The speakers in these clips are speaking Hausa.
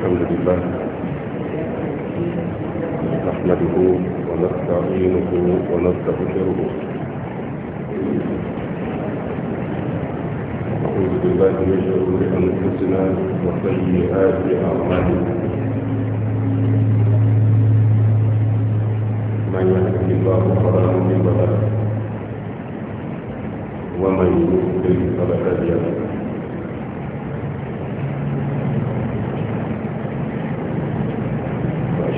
الحمد لله نحمده ونستعينه ونستغفره نعوذ بالله من شرور انفسنا وسيئات اعمالنا من يهده الله فلا مضل له ومن يضلل فلا هادي له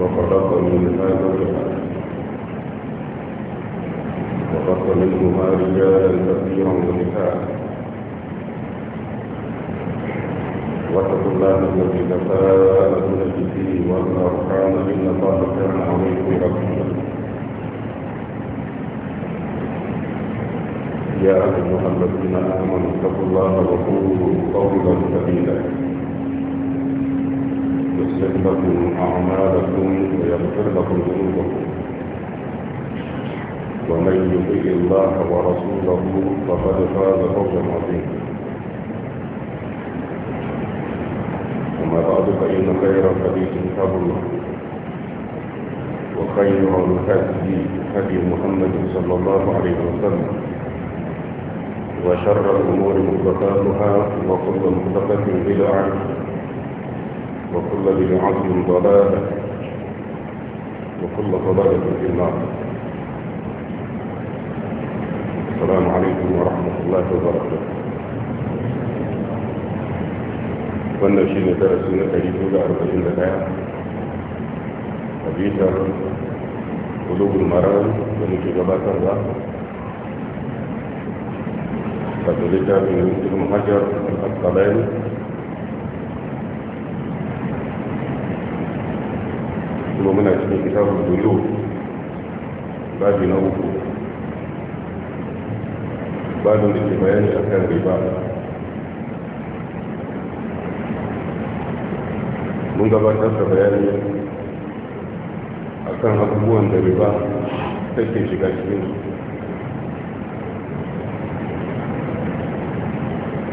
وخلق منها زوجها وخلق منهما رجالا كثيرا ونساء واتقوا الله الذي تساءلون به والارحام ان الله كان عليكم رقيبا يا ايها الذين امنوا اتقوا الله وقولوا قولا سديدا يصلح لكم أعمالكم ويغفر لكم ذنوبكم ومن يطيع الله ورسوله فقد فاز فوزا عظيما وما بعد فإن خير الحديث كتاب الله وخير الهدي هدي محمد صلى الله عليه وسلم وشر الأمور محدثاتها وكل محدثة بدعة وكل ذي عزم ضلالة وكل ضلالة في النار السلام عليكم ورحمة الله وبركاته وانا شيء ندرس من الحديث ولا أربع إلا لا حديثا قلوب المرأة ونجي غباتا لا فتلتا من المهجر الأطلال kuma muna cikin kitabun dulu babi na uku babin da ke bayani a kan riba mun gabatar da bayani a kan abubuwan da riba take shiga cikin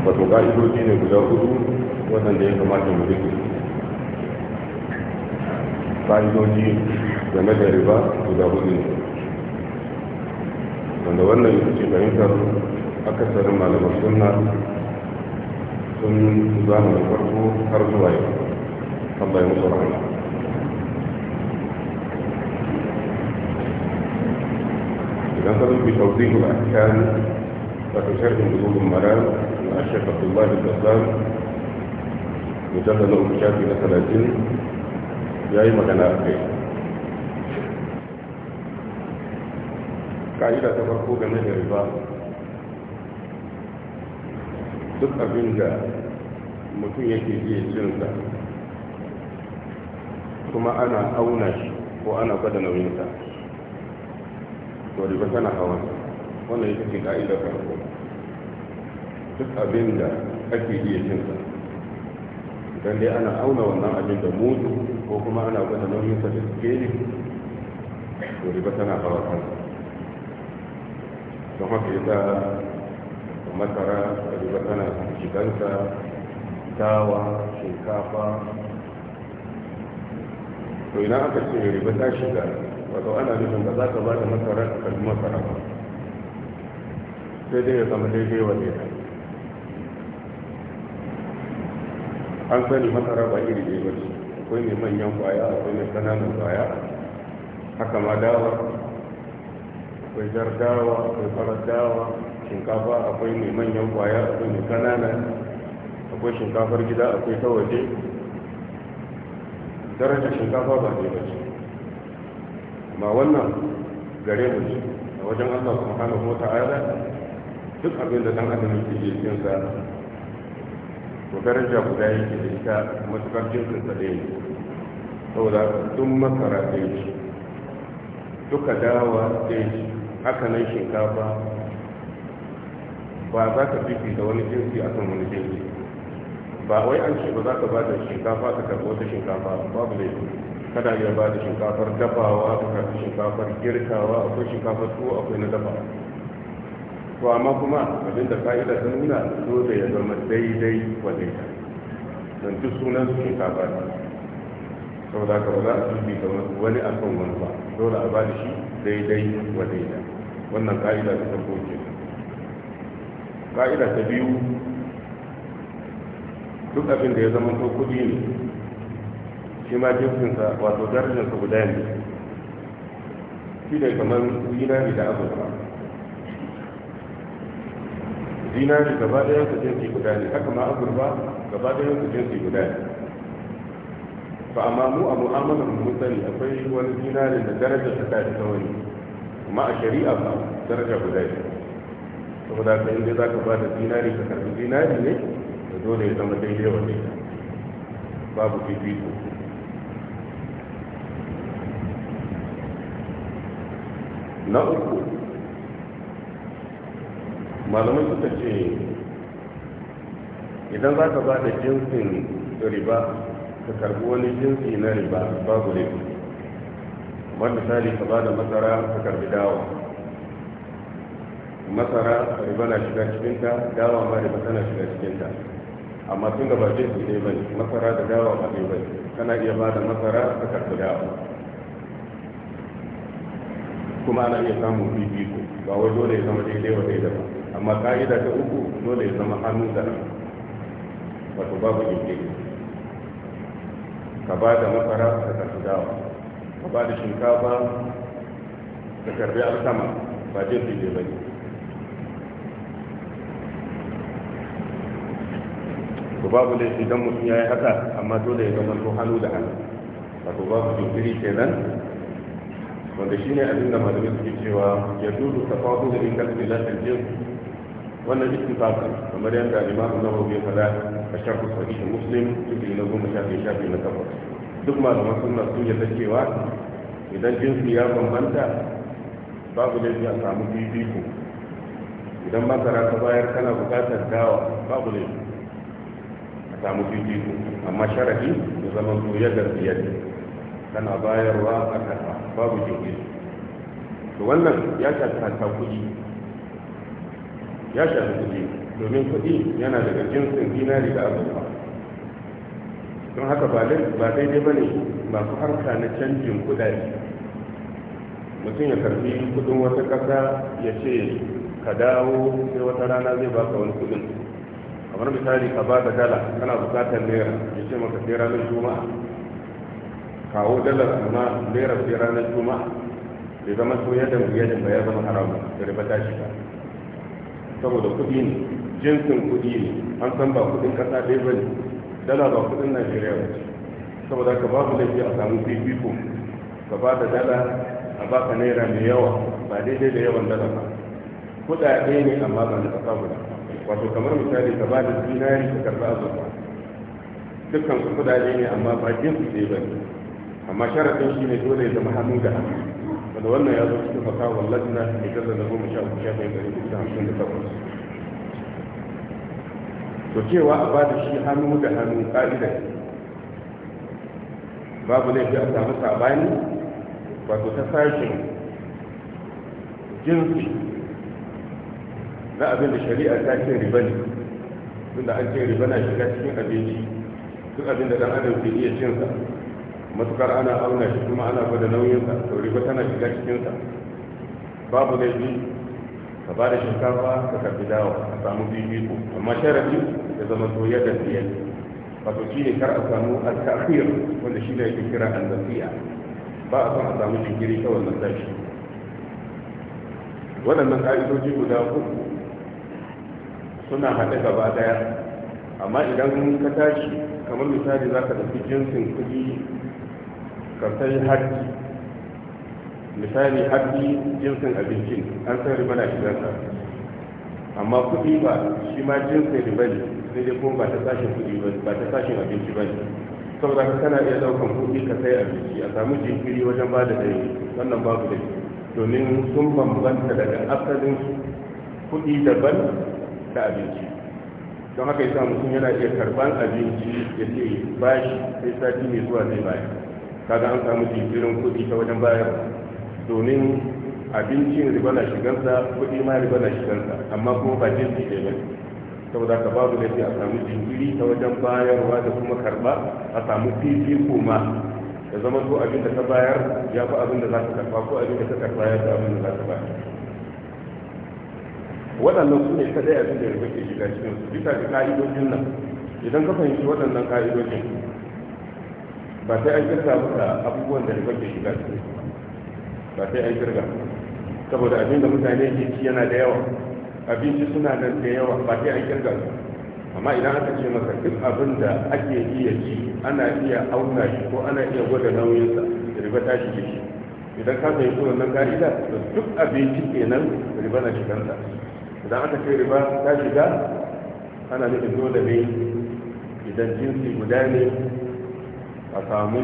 wato ƙa'idoji ne guda hudu waɗanda ya kamata mu rike fa'idoji game da riba guda hudu ne wanda wannan yake fahimtar akasarin malamar suna sun zama da farko har zuwa yau Allah ya musu rahama idan ka zubi a kan wato sharhin bulugul mara na Sheikh Abdullah bin Bassam mujallal na shafi na 30 ya yi magana a kai ƙa'ida ta farko game da riba duk abin da mutum yake iya sa kuma ana auna shi ko ana gwada nauyinsa to riba tana hawa wannan yake ce ka'idar farko duk abin da ake iya sa don dai ana auna wannan abin da mutu ko kuma ana gwada nauyin sa da ne to riba tana hawa kansa don haka yasa masara riba tana shigansa dawa shinkafa to ina aka ce riba ta shiga wato ana nufin ba za ka ba da masara a kalli masara ba sai dai ya zama daidai wa ne an sani masara ba iri ne ba akwai mai manyan kwaya akwai mai ƙananan kwaya haka ma dawa akwai jar dawa akwai farar dawa shinkafa akwai mai manyan kwaya akwai mai ƙanana akwai shinkafar gida akwai ta waje daraja shinkafa ba ne ba ce amma wannan gare mu ne a wajen allah subhanahu wa ta'ala duk abin da dan adam yake yi sa to daraja guda yake da ita matukar jinsin sa ɗaya saboda sun masara ɗaya ce duka dawa ɗaya ce haka nan shinkafa ba za ka fifi da wani jinsi a kan wani jinsi ba wai an ce ba za ka ba da shinkafa ka karɓi wata shinkafa babu laifi kada ya ba da shinkafar dafawa ka karɓi shinkafar girkawa akwai shinkafar tuwo akwai na dafawa to amma kuma abinda fa'ida ta nuna dole ya zama daidai wa daidai don duk sunan su ba ta saboda ka ba su bi dubi kamar wani akan wani ba dole a bada shi daidai wa daidai wannan fa'ida ta farko ke fa'ida ta biyu duk abin da ya zama to kudi ne shi ma jinsinsa wato darajarsa guda ne shi ne kamar zinari da azurfa zinari gaba ɗayan su jinsi guda ne haka ma azurba gaba ɗayan su jinsi guda ne ba amma mu a mu'amalar mu sani akwai wani zinari da daraja ta kai ta wani kuma a shari'a ba daraja guda ne saboda ka inda za ka ba da zinari ka karbi zinari ne da dole ya zama daidai wani ne babu fifiko na uku malamai suka ce idan za ka ba da jinsin riba ka karbi wani jinsi na riba babu riba kamar misali ka ba da masara ka karbi dawa masara riba na shiga cikinta dawa ma riba tana shiga cikinta amma tun gaba ba jinsi ne ba masara da dawa ba ne ba kana iya ba da masara ka karbi dawa kuma ana iya samun bibiko ba wai dole ya zama daidai wa daidai ba amma ka'ida ta uku dole ya zama hannu da nan wato babu jinkiri ka ba da masara ka karfi dawa ka ba da shinkafa ka karfi alkama ba jin ne ba ne to babu da idan mutum ya yi haka amma dole ya zama hannu da hannu wato babu jinkiri nan. wanda shi ne abin da malamai suke cewa ya dudu ta tafadu da in kalbi lafiyar wannan ittifaqan kamar yadda al-Imam Nawawi ya fada a sharh sahih Muslim cikin na goma shafi shafi na kafa duk malaman sunna sun yarda cewa idan jinsi ya bambanta babu laifi a samu fifiko idan masara ta bayar kana buƙatar dawa babu laifi a samu fifiko amma sharadi ya zama to ya gaskiyar kana bayarwa a kasa babu jinkiri to wannan ya shafi hankali kuɗi ya shafi kuɗi domin kuɗi yana daga jinsin dinari da azurfa don haka ba daidai ba ne masu harka na canjin kudari mutum ya karfi kudin wata ƙasa ya ce ka dawo sai wata rana zai baka wani kudin kamar misali ka ba da dala kana bukatar naira ya ce maka sai ranar juma'a kawo dala amma naira sai ranar juma'a bai zama so yadda ba ya zama haramu da riba ta ba. saboda kuɗi ne jinsin kuɗi ne an san ba kuɗin ƙasa ɗaya ba ne dala ba kuɗin najeriya ba ce saboda ka babu laifi a samu fifiko ka ba da dala a baka naira mai yawa ba daidai da yawan dala ba kuɗaɗe ne amma ba na ƙasa guda wato kamar misali ka ba da zinari ka karɓi azurfa dukkan su kuɗaɗe ne amma ba jinsi ɗaya ba ne amma sharaɗin shi ne dole ya zama hannu da hannu wanda wannan ya zo cikin fasa wallahi da ta zana goma sha uku sha ɗaya ɗari hamsin da takwas to cewa a ba da shi hannu da hannu ƙa'ida babu laifi a samu sabani wato ta sashen jinsi na abin da shari'a ta ce riba ne tunda an ce riba na shiga cikin abinci duk abin da ɗan adam ke iya cinsa matukar ana auna shi kuma ana gwada nauyinsa to riba tana shiga cikinsa babu laifi ka ba da shinkafa ka karfi dawa a samu bibiko amma sharafi ya zama soya da siya wato shi ne kar a samu al wanda shi ne yake kira al zafiya ba a son a samu jinkiri ta wannan sashi waɗannan ƙa'idoji guda uku suna haɗe gaba ɗaya amma idan ka tashi kamar misali za ka tafi jinsin kuɗi ka sai misali haƙƙi jinsin abincin an san riba na shigarsa amma kuɗi ba shi ma jinsin riba ne sai dai kuma ba ta sashen kuɗi ba ba ta sashen abinci ba ne saboda ka kana iya ɗaukan kuɗi ka sai abinci a samu jinkiri wajen ba da dai wannan babu da domin sun bambanta daga asalin kuɗi daban da abinci don haka yasa mutum yana iya karban abinci ya ce bashi sai sati mai zuwa zai bayar kaga an samu jinkirin kuɗi ta wajen bayar domin abincin riba na shigansa kuɗi ma riba na shigansa amma kuma ba jinsi ne ba saboda ka babu da a samu jinkiri ta wajen bayarwa da kuma karɓa a samu fifiko ma da zama ko abin da ka bayar ya fi abin da za ka karɓa ko abin da ka karɓa ya fi abin da za ka bayar waɗannan su ne kaɗai abin da riba ke shiga cikin su bisa ga ka'idojin nan idan ka fahimci waɗannan ka'idojin ba sai an kirga maka abubuwan da riba ke shiga su ba sai an kirga saboda abin da mutane ke ci yana da yawa abinci suna nan da yawa ba sai an kirga su amma idan aka ce masa duk abin da ake iya ci ana iya auna shi ko ana iya gwada nauyinsa riba ta ke shi idan ka nan wannan ka'ida to duk abinci kenan riba na da. idan aka ce riba ta shiga ana nufin dole ne idan jinsi guda ne a samu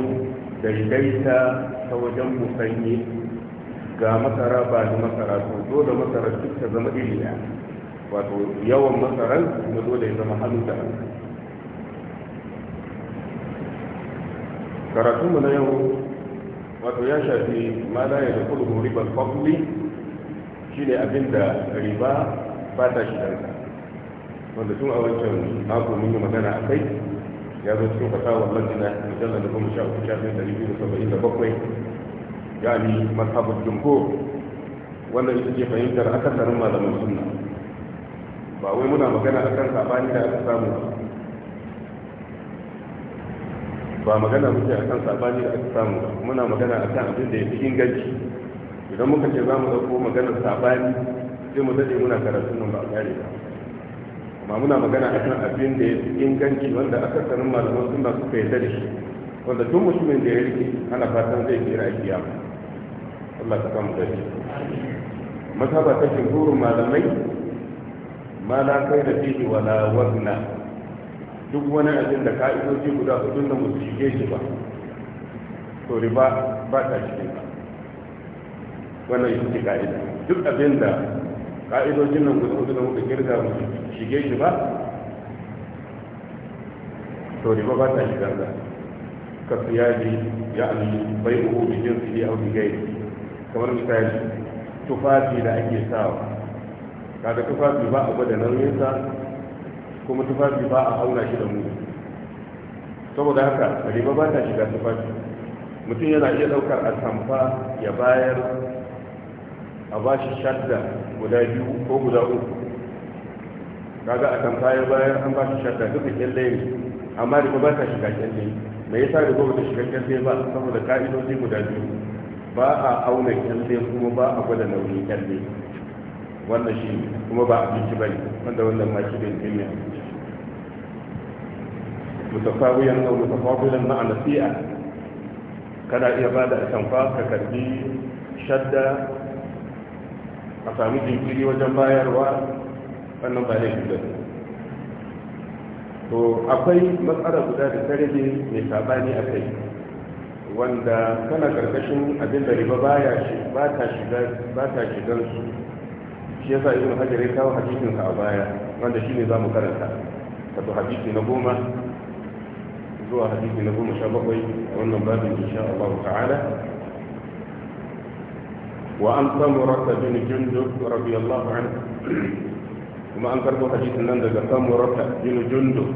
daidaita ta wajen musanyi ga masara ba da masara to dole masara duk ta zama iri wato yawan masaran kuma dole ya zama hannu da hannu karatunmu na yau wato ya shafi ma la ya dukkan ribar fafuli shi ne abin da riba ba ta shi wanda tun a wancan mako mun yi magana a kai ya zo cikin fasahar majina mujallar da goma sha uku shafin ɗari biyu da saba'in da bakwai ya yani mazhabar jinko wannan ita ce fahimtar akasarin malaman suna ba wai muna magana a kan sabani da aka samu ba magana muke a kan sabani da aka samu ba muna magana a kan abin da ya fi inganci idan muka ce za mu dauko maganar sabani sai mu daɗe muna karatun nan ba a gane ba ma muna magana akan abin da ya fi inganci wanda aka sanin malaman suna suka yarda da shi wanda duk mutumin da ya rike ana fatan zai tsira a Allah ta samu dace masaba ta shiguru malamai ma la kai da fihi wala wazna duk wani abin da ka'idoji guda hudu da musu shige shi ba to riba ba ta shi ba wannan shi ka'ida duk abin da ka'idojin nan guda hudu da muka kirga musu shige shi ba to riba ba ta shigar da ka siyari ya alu bai uku bi su ne au gai kamar misali tufafi da ake sawa da tufafi ba a gwada sa kuma tufafi ba a auna shi da mu saboda haka riba ba ta shiga tufafi mutum yana iya daukar samfa ya bayar a bashi shadda guda biyu ko guda uku kaga a tamfaya bayan an ba shi shakka duka kyalle ne amma da ba ta shiga kyalle me yasa riga ba ta shiga kyalle ba saboda ka'idoji guda biyu ba a auna kyalle kuma ba a gwada nauyin kyalle wannan shi kuma ba abinci ba ne wanda wannan ma shi bin jimiya mutafawiyan ko mutafawilan ma'a nasi'a kana iya ba da tamfa ka karbi shadda a sami jinkiri wajen bayarwa wannan ba laifin da to akwai matsala guda da tarihi mai sabani a kai wanda tana karkashin abin da riba ba ta shiga ba ta shigan su shi yasa ibn hajar ya kawo hadisin a baya wanda shi shine zamu karanta wato hadisi na goma zuwa hadisi na goma sha bakwai a wannan babin insha Allah ta'ala wa an samurata bin jundub radiyallahu anhu kuma an karbo hadisin nan daga samurata bin jundu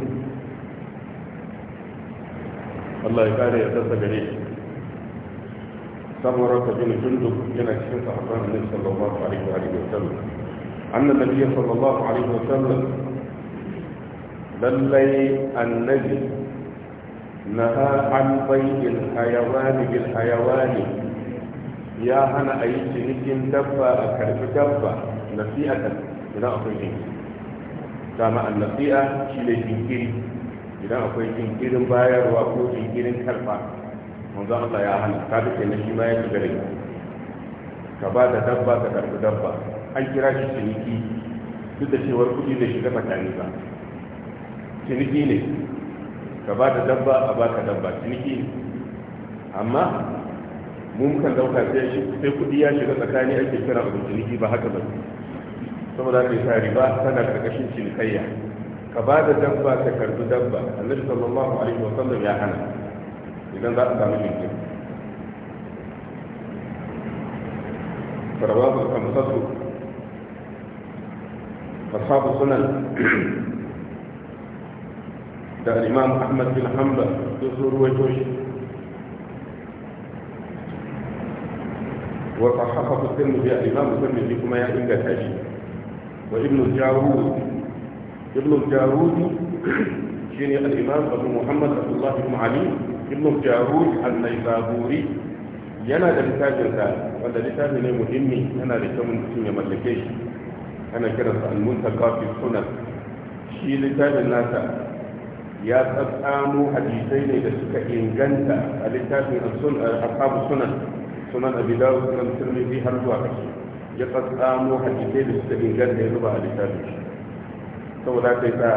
Allah ya kare ya sassa gare shi samurata bin jundu yana cikin sahabban annabi sallallahu alaihi wa alihi wasallam annan nabiyyi sallallahu alaihi wasallam lallai annabi naha an bayyin hayawani bil hayawani ya hana a yi cinikin dabba a karfi dabba nasi'atan idan akwai jinkiri dama annasi'a shi ne jinkiri idan akwai jinkirin bayarwa ko jinkirin karfa manzo Allah ya hana ka duka ne shi ma ya shiga rai ka ba da dabba ka karbi dabba an kira shi ciniki duk da cewar kuɗi da shiga tsakani ba ciniki ne ka ba da dabba a ba ka dabba ciniki ne amma mun kan dauka sai kuɗi ya shiga tsakani ake kira abu ciniki ba haka ba saboda ka sa riba tana karkashin cinikayya ka ba da dabba ka karbi dabba annabi sallallahu alaihi wasallam ya hana idan za a samu jinkiri فرواه الخمسة أصحاب السنن ده الإمام أحمد بن حنبل يزور وجوش وصححه الترمذي الإمام الترمذي كما يعني إنجا تاجي wa ibn jarud ibn jarud shine al-imam abu muhammad abdullah ibn ali ibn jarud an yana da littafin sa wanda littafi ne muhimmi yana da kyau mutum ya mallake shi ana kiransa al-muntaqa fi sunan shi littafin nasa ya tsatsamo hadisai ne da suka inganta a littafin ashabu sunan sunan abidawu sunan turmizi har zuwa kashi ya tsamo hadisai da suka inganta ya zuba a littafin shi saboda ta yi ta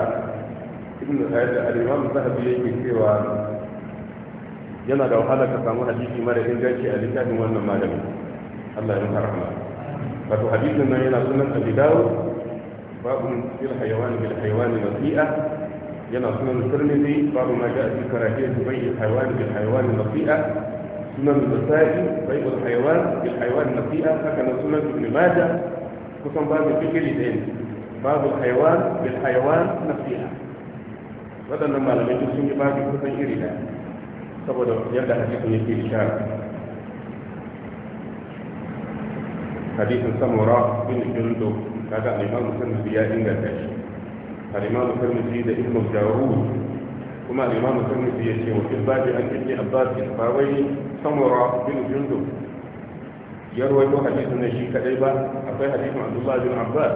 ibn al-ayyad al-imam zahabi yake cewa yana da wahala ka samu hadisi mara inganci a littafin wannan malamin Allah ya rahama wato hadisin nan yana sunan Abi Dawud babu fil hayawan bil hayawan nasi'a yana sunan Tirmidhi babu ma ja'a fi karahiyati bayyi hayawan bil hayawan nasi'a من البسائل طيب الحيوان الحيوان النفيئة فكان سنة ابن ماجة خصوصا باب الفكر يتقل بعض الحيوان بالحيوان نفيئة بدل لما لم يجد سنة باب الفكر إلا طب يبدأ حديث يجي الشارع حديث السمراء بن الجلدو هذا الإمام سلم في يائن نتاج الإمام سلم في يائن نتاج وما الإمام سلم في يائن نتاج وما الإمام سلم في يائن نتاج وما الإمام سلم في يائن نتاج samura bin jundub ya rawaito hadisin ne shi kadai ba akwai hadisin abdullahi bin abbas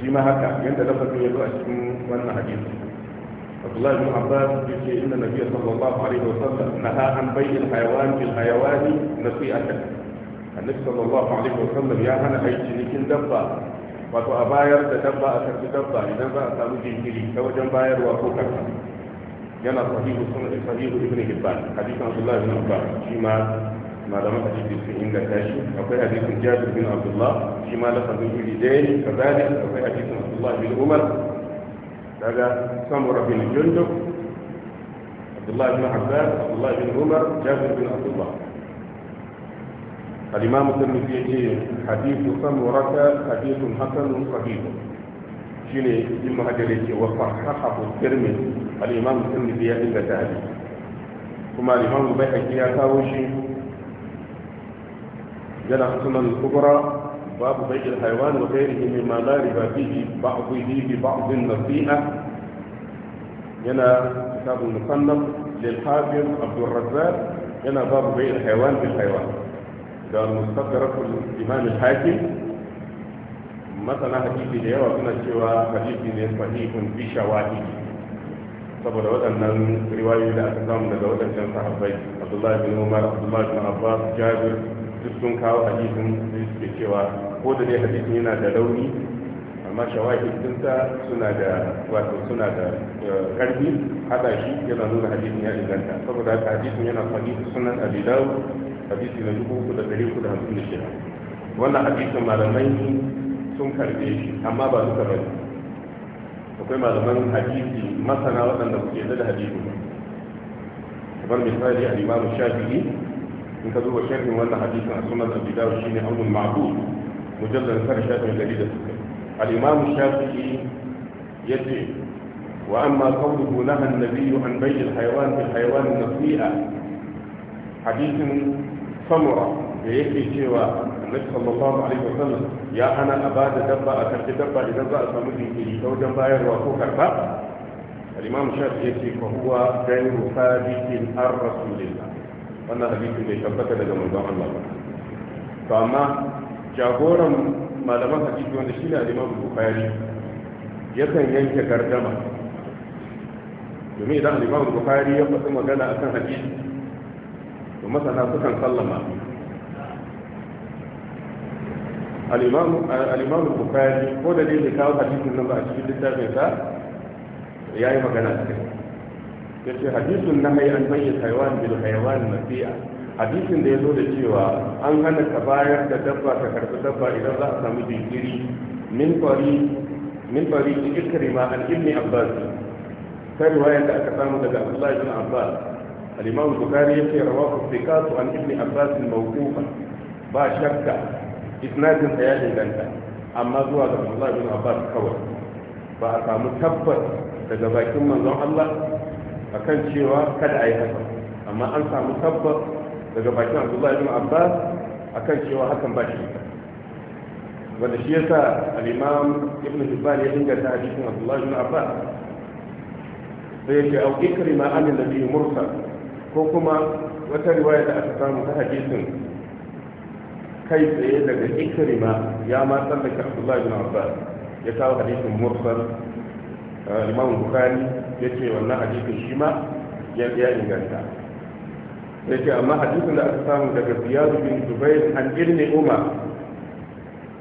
shi ma haka yadda lafazin ya zo a cikin wannan hadisi abdullahi bin abbas ya ce inna nabiyya sallallahu alaihi wa sallam ha an bayyana hayawan bil hayawani nasi'atan annabi sallallahu alaihi wa sallam ya hana kai cinikin dabba wato a bayar da dabba a karbi dabba idan za a samu jinkiri ta wajen bayarwa ko karfa جانا صحيح السنة صحيح ابن هبان حديث عبد الله بن عباس فيما ما لم تجد في عند كاشي وفي حديث جابر بن عبد الله فيما لقد يجد لديه كذلك وفي حديث عبد الله بن عمر هذا سمر بن جندب عبد الله بن عباس عبد الله بن عمر جابر بن عبد الله الإمام الترمذي حديث سمرة حديث حسن صحيح شنو يتم هجرته وصححه الترمذي al-imam tirmidhi ya inganta hadisi kuma al bai bayhaqi ya kawo shi yana sunan kubura babu bai'il haywan wa ghayrihi mimma la riba fihi ba'dhihi bi ba'd an-nasiha yana kitab al-musannaf lil-hafiz Abdul Razzaq yana babu bai'il haywan bil haywan da mustadrak al-imam al-hakim masana hadisi da yawa suna cewa hadisi ne sahihun fi shawahidi saboda waɗannan riwayoyi da aka samu daga waɗancan sahabbai abdullahi bin umar abdullahi bin abbas jabir duk sun kawo hadisin da suke cewa ko da dai hadisin yana da rauni amma shawahid dinsa suna da wato suna da karfi eh, hada shi yana nuna hadisin ya inganta saboda haka hadisin yana sahihu sunan abi dawud hadisi na dubu uku da ɗari uku da hamsin da shida wannan hadisin malamai sun karbe shi amma ba duka bane akwai malaman hadisi masana waɗanda ku ke da hadisi kamar misali al-imamu shafi'i in ka zuba sharhin wannan hadisin a sunan abi dawud shine abul ma'bud mujallal sar shafin dari da suka al-imamu shafi'i ya ce wa amma qawluhu naha an-nabiyyu an bay'i al-hayawan bil hayawan nasi'a hadisin samura da yake cewa annabi sallallahu alaihi wasallam ya ana a ba da dabba a karbi dabba idan za a samu jinkiri ta wajen bayarwa ko karba al-imam shafi fa huwa sabitin ar rasulillah wannan hadisi bai tabbata daga manzon Allah ba to amma jagoran malaman hadisi wanda shine al-imam bukhari yakan yanke gardama domin idan al-imam bukhari ya fasa magana akan hadisi to masana sukan sallama الإمام الإمام البخاري هو الذي ذكر حديث النبأ في كتاب هذا يا إمام جناتك يعني حديث النهي عن بيع الحيوان بالحيوان نبيع حديث ده يقول جوا أن كان كبار كدبا كخرب دبا إذا لا سامي تجري من طريق من طريق تجد كريمة عن ابن عباس في رواية أكثر من ذلك الله ابن عباس الإمام البخاري يقول رواه الثقات عن ابن عباس موقوفا باشكا isnadin sa ya inganta amma zuwa ga Abdullah bin Abbas kawai ba a samu tabbas daga bakin manzon Allah akan cewa kada a yi haka amma an samu tabbas daga bakin Abdullah bin Abbas akan cewa hakan ba shi wanda shi yasa al-Imam Ibn Hibban ya inganta hadisin Abdullah bin Abbas sai ya ce au ikrima an nabi mursal ko kuma wata riwaya da aka samu ta hadisin kai tsaye daga ikrima ya ma tsallake abdullahi bin abbas ya kawo hadisin mursal eh, imam bukhari ya ce wannan hadisin shi ma ya inganta sai ce amma hadisin da aka samu daga ziyadu bin zubair an ilmi umar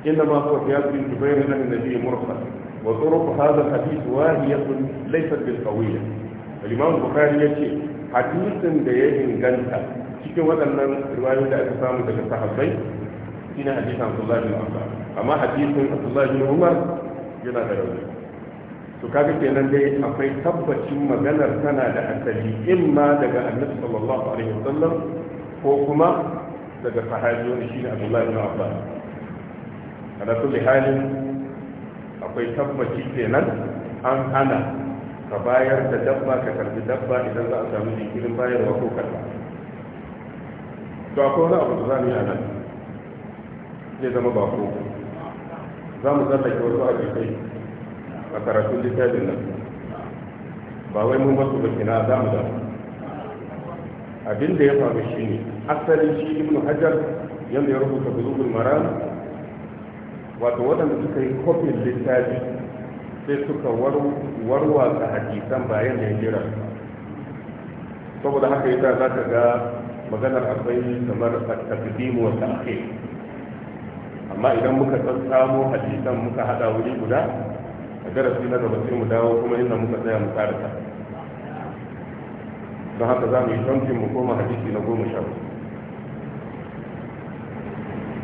inda ma kuwa ziyadu bin zubair na nabi mursal wa turuq hadha al-hadith wahiyatun laysat bil qawiyya al-imam bukhari ya ce hadisin da ya inganta cikin waɗannan riwayoyi da aka samu daga sahabbai shi ne hadisin abdullahi bin umar amma hadisin abdullahi bin umar yana da rauni Su kaga kenan dai akwai tabbacin maganar tana da asali in ma daga annabi sallallahu alaihi wasallam ko kuma daga sahabi wani shine abdullahi bin abbas ala kulli halin akwai tabbaci kenan an hana ka bayar da dabba ka karbi dabba idan za a samu jikirin bayarwa ko karba to akwai wani abu da za mu yi a nan zai zama bako za mu tsallake wasu ajiyai a karatun littafin nan ba wai mun basu bakina za mu da abin ya faru shi ne asalin shi ibn hajar yadda ya rubuta bulugun maram wato waɗanda suka yi kofin littafi sai suka warwatsa hadisan bayan da ya jira saboda haka yasa za ka ga maganar akwai kamar a tafidimu wa ta'akhir amma idan muka tsamo hadisan muka hada wuri guda a darasi na gaba sai mu dawo kuma inda muka tsaya mu tsara ta don haka za mu yi tamfin mu koma hadisi na goma sha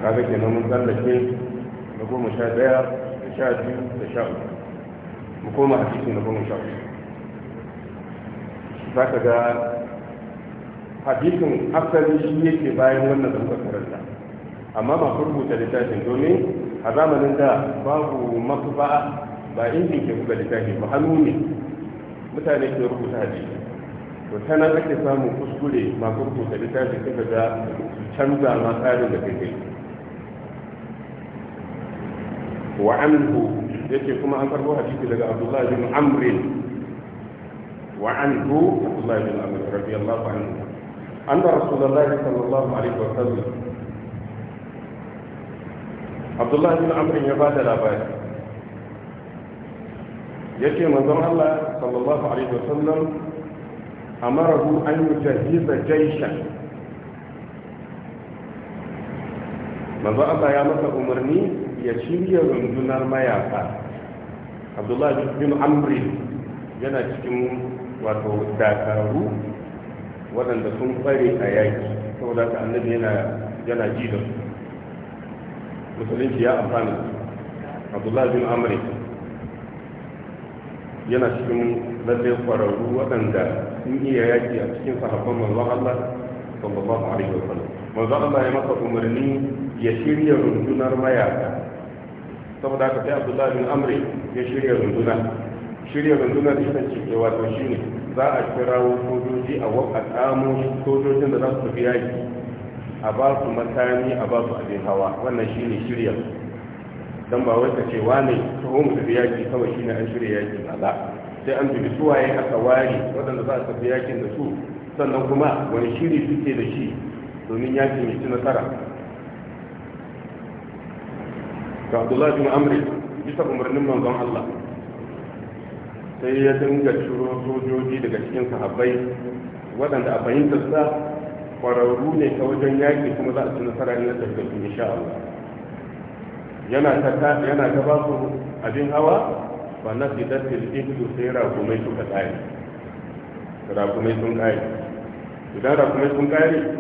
kaga kenan mun tsallake na goma sha daya da sha biyu da sha uku mu koma hadisi na goma sha uku za ka ga hadisin asali shi yake bayan wannan da muka karanta amma masu rubuta littafin domin a zamanin da babu matuba ba injin ke buga littafi ba hannu ne mutane ke rubuta hadisi to ta nan ake samun kuskure masu rubuta littafi suka ga canza ma tsarin da kai wa anhu yake kuma an karbo hadisi daga abdullahi bin amr wa anhu abdullahi bin amr radiyallahu anhu anna rasulullahi sallallahu alaihi wa sallam abdullahi bin amrin ya ba da labari ya ce manzon allah sallallahu alaihi wa sallam wasallam amarahu an yi jahiza jaisha manzon allah ya masa umarni ya shirya rundunar mayafa abdullahi bin amrin yana cikin wato dakaru waɗanda sun tsare a yaki saboda ka annabi yana ji da su musulunci ya amfani abdullahi bin amri yana cikin lalle kwararru waɗanda sun iya yaki a cikin sahabban manzon Allah sallallahu alaihi wa sallam manzon Allah ya masa umarni ya shirya rundunar mayaka saboda ka sai abdullahi bin amri ya shirya runduna shirya rundunar ita ce ke wato shine za a kirawo sojoji a tsamo sojojin da za su tafi yaki a ba su matani a ba su abin hawa wannan shi ne shirya don ba wata ce wane tuhum tafi yaki kawai shi ne an shirya yaki ba sai an dubi suwaye aka ware waɗanda za a tafi yakin da su sannan kuma wani shiri suke da shi domin yaki mai ci nasara ga abdullahi bin amri bisa umarnin manzon allah sai ya dinga ciro sojoji daga cikin sahabbai waɗanda a fahimtar sa kwararru ne ta wajen yaƙi kuma za a ci nasara ne da tafi insha Allah yana ta yana ta ba su abin hawa fa nafidatil ibdu sai rakumai suka tsaye rakumai sun kare idan rakumai sun kare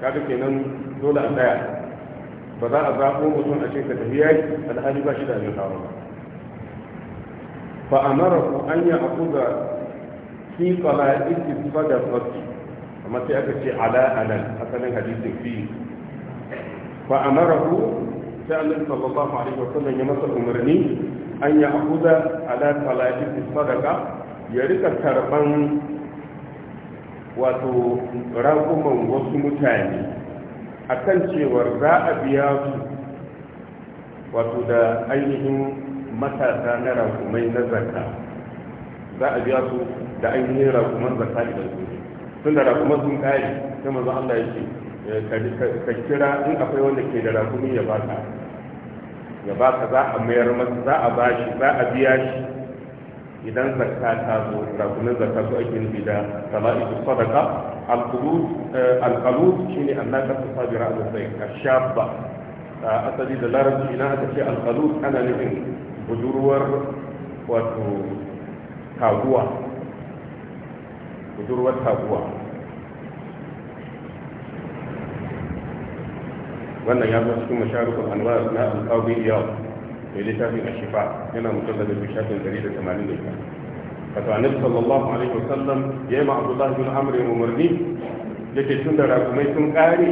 kaga kenan dole a tsaya ba za a zaɓo mutum a ce ka tafi yaƙi alhali ba shi da abin hawa ba fa amara an a kuga fi fada sadaqati amma sai aka ce ala anan asalin hadisin fi fa amarahu sai annabi sallallahu alaihi wasallam ya masa umarni an ya akuda ala talatin sadaqa ya rika karban wato rakuman wasu mutane akan cewar za a biya su wato da ainihin matasa na rakumai na zakka za a biya su da ainihin rakuman zakka da su tun da rakuman sun kare sai manzon Allah ya ce eh, ka kira in akwai wanda ke da rakumi ya baka ya baka za a mayar masa za a bashi za a biya shi idan zakka ta zo rakumin zakka su ake nufi da sala'itu sadaqa al-qulud eh, al-qalud shine Allah ta sabira al-sayyid ash A asali da larabci idan aka ce alkalut ana nufin budurwar wato kaguwa budurwar taguwa wannan ya zo cikin masharukun anwar na alƙawar yau mai littafin a shifa yana mutum da zai shafin 185 wato annabi sallallahu alaihi wasallam ya yi ma abdullahi bin amr umarni yake tun da rakumai sun kare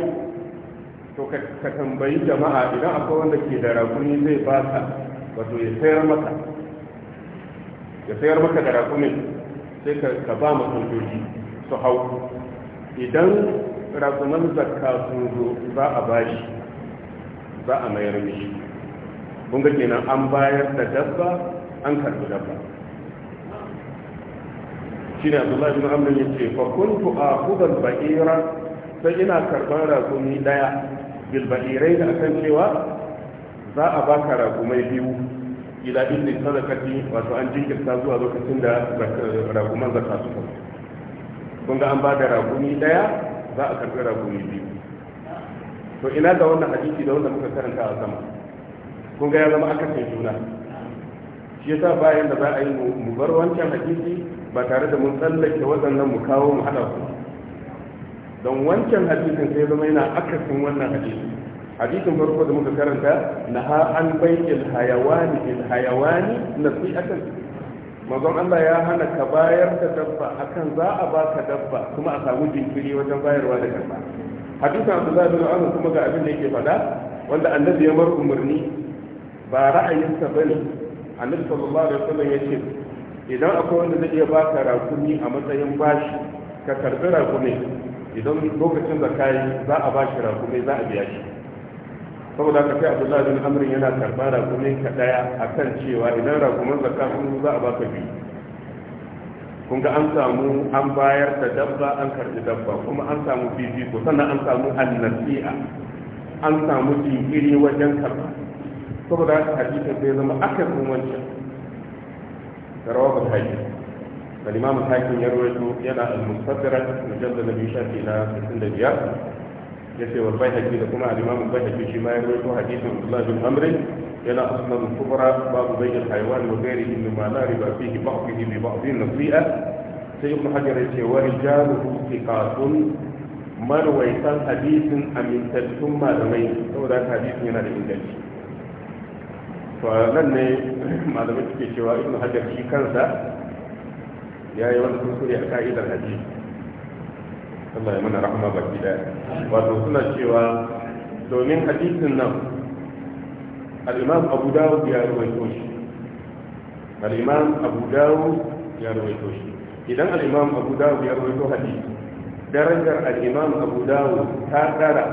to ka tambayi jama'a idan akwai wanda ke da rakumi zai ba ka wato ya sayar maka ya sayar maka da rakumin sai ka ba ma sojoji su hau idan rakunan zakka sun zo za a bashi za a mayar mishi bunga kenan an bayar da dabba an karbi dabba shi ne abdullahi bin amrin ya ce fa a akhudhal ba'ira sai ina karban rakumi daya bilba'irai da akan cewa za a baka rakumai biyu ila inda sadakati wato an jinkirta zuwa lokacin da raguman zaka su kan kun ga an ba da ragumi daya za a karbi ragumi biyu to ina ga wannan hadisi da wanda muka karanta a sama kun ga ya zama akasin juna shi yasa bayan da za a yi mu bar wancan hadisi ba tare da mun tsallake waɗannan mu kawo mu hada su don wancan hadisin sai zama yana akasin wannan hadisi hadisin farko da muka karanta na ha an bai ilhayawani ilhayawani akan mazan Allah ya hana ka bayar da dabba akan za a baka dabba kuma a samu jinkiri wajen bayarwa da dabba hadisin Abdullahi bin Umar kuma ga abin da yake faɗa wanda annabi ya bar umarni ba ra'ayinsa bane annabi sallallahu alaihi wasallam ce, idan akwai wanda zai iya baka rakumi a matsayin bashi ka karbi rakumi idan lokacin zakai za a bashi rakumi za a biya shi saboda ka fi abdullahi bin amrin yana karba ragumin ka daya akan cewa idan rakumin zakka kun za a baka biyu kun ga an samu an bayar da dabba an karbi dabba kuma an samu fifiko sannan an samu annasi'a an samu jinkiri wajen karba saboda haka sai zama akasin wancan rawa ba hadisi فالإمام الحاكم يروي ينا المستدرك مجلد na شافي إلى 65 yace wal baihaqi da kuma al-imam baihaqi shi ma ya rawaito hadisin Abdullah bin Amr yana asnan kubra babu bayyin hayawan wa ghairihi min ma la riba fihi ba'dihi bi ba'dhi nasi'a sai ibn hajar yace wa rijaluhu thiqatun marwaitan hadisin amintattun malamai saboda hadisin yana da inganci to nan ne malamai suke cewa ibn hajar shi kansa ya yi wani kuskure a ka'idar hadisi Allah ya mana rahama baki daya wato suna cewa domin hadisin nan al-imam abu dawud ya rawaito shi al-imam abu dawud ya rawaito shi idan al-imam abu dawud ya rawaito hadisi darajar al-imam abu dawud ta dara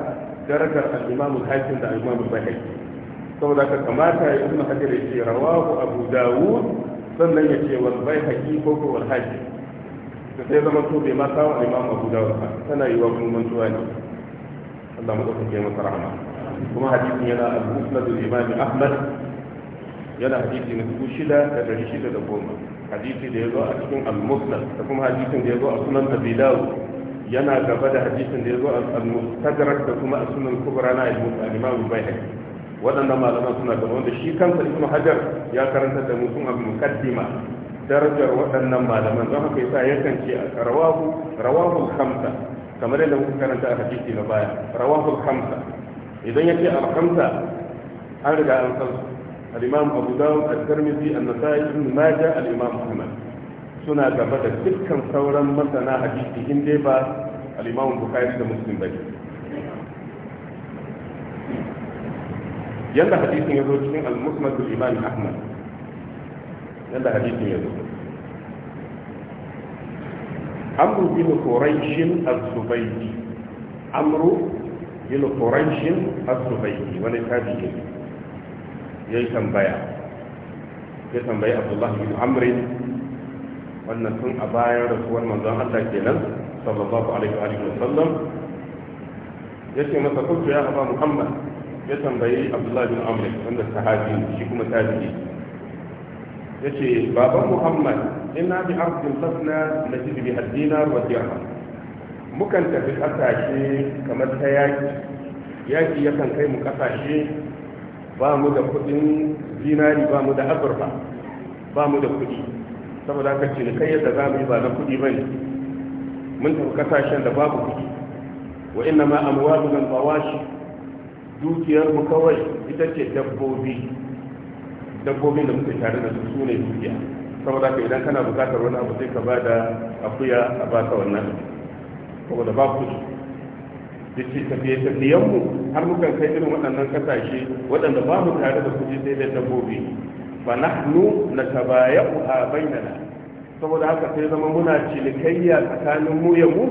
darajar al-imam al-hakim da al-imam al-bahaki saboda ka kamata ya kuma hajar ya ce rawahu abu dawud sannan ya ce wal bayhaqi ko ko wal hakim sai zama to bai ma kawo imam abu dawud ba tana yi wa kuma mantuwa ne Allah mu dauke masa rahama kuma hadisin yana al-musnad al-imam ahmad yana hadisi na dubu shida da dari shida da goma hadisi da ya zo a cikin al-musnad da kuma hadisin da ya zo a sunan abi yana gaba da hadisin da ya zo al-mustadrak da kuma a sunan kubra na al-imam al-baihaqi waɗannan malaman suna gaba wanda shi kansa ibnu hajar ya karanta da mu sun al darajar waɗannan malaman don haka yasa yakan ce rawahu rawahu khamsa kamar yadda muka karanta a hadisi na baya rawahu khamsa idan yace al khamsa an riga an san al-imam Abu Dawud at-Tirmidhi an-Nasa'i ibn Majah al-imam Ahmad suna gaba da dukkan sauran masana hadisi in dai ba al-imam Bukhari da Muslim ba yadda hadisin ya zo cikin al-Musnad al-Imam Ahmad yadda hadisin yanzu amru bin quraishin az-zubaydi amru bin quraishin az-zubaydi wani tabi'i yayi tambaya ya tambayi abdullahi bin amr wannan tun a bayan rasuwar manzon Allah kenan sallallahu alaihi wa sallam yace masa kuntu ya aba muhammad ya tambayi abdullahi bin amr wanda sahabi shi kuma tabi'i yace baban muhammad inna bi ardin tasna najid bi dinar wa dirham mukan tafi kasashe kamar ta yaki yaki yakan kai mu kasashe ba mu da kudin zinari ba mu da azurfa ba mu da kudi saboda haka kai yadda za mu yi ba na kudi ba ne mun tafi kasashen da babu kudi wa inna ma amwalu nan bawashi dukiyar mu kawai ita ce dabbobi dabbobin da muke tare da su su ne dukiya saboda ka idan kana bukatar wani abu sai ka ba da akuya a ba ka wannan saboda ba ku da ke tafiye tafiyenmu har mukan kai irin waɗannan kasashe waɗanda ba mu tare da kuɗi sai da dabbobi fa ku a bayyana saboda haka sai zama muna cinikayya tsakanin mu mu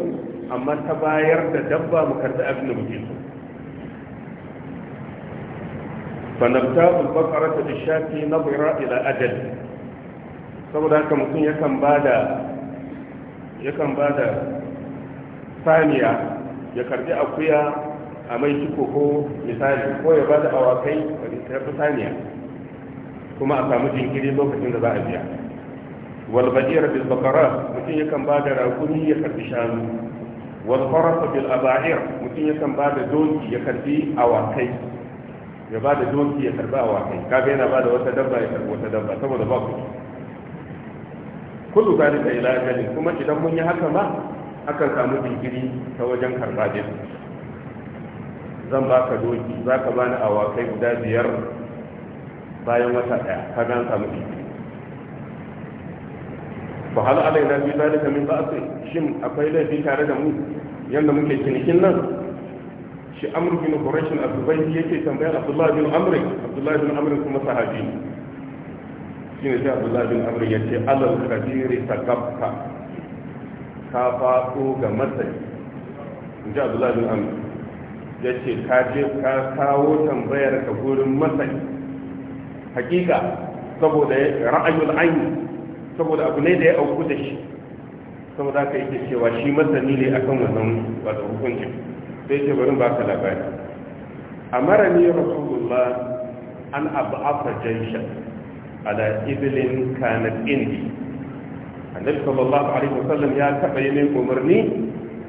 amma ta bayar da dabba mu karɓi abin da muke so فنبتاء البقرة بالشاة نظرة إلى أجل saboda haka mutum yakan bada yakan bada saniya ya karbi akuya a mai ciko ko misali ko ya bada awakai a karbi saniya kuma a samu jinkiri lokacin da za a biya wal ba'ira bil baqara mutum yakan bada rakuni ya karbi shanu wal farasa bil aba'ir mutum yakan bada doki ya karbi awakai ya ba da doki ya karba wa kai kaga yana ba da wata dabba ya karba wata dabba saboda ba ku kullu zalika ila ajalin kuma idan mun yi haka ma akan samu jinkiri ta wajen karba din zan ba ka doki zaka bani awakai guda biyar bayan wata daya kaga an samu jinkiri fa hal alaina bi zalika min ba'si shin akwai laifi tare da mu yanda muke cinikin nan shi amr bin quraish al-zubaydi yake tambaya abdullah bin amr abdullah bin amr kuma sahabi ne sai abdullah bin amr yace alal ta takaffa ka fado ga matsayi inji abdullah bin amr yace ka je ka kawo tambayar ka gurin matsayi. hakika saboda ra'ayul ayn saboda abu ne da ya auku da shi saboda haka yake cewa shi masani ne akan wannan wato hukuncin sai ce bari ba ka labari amara ni rasulullah an abu afa jaisha ala ibilin kanat indi annabi sallallahu alaihi wasallam ya taba yi min umarni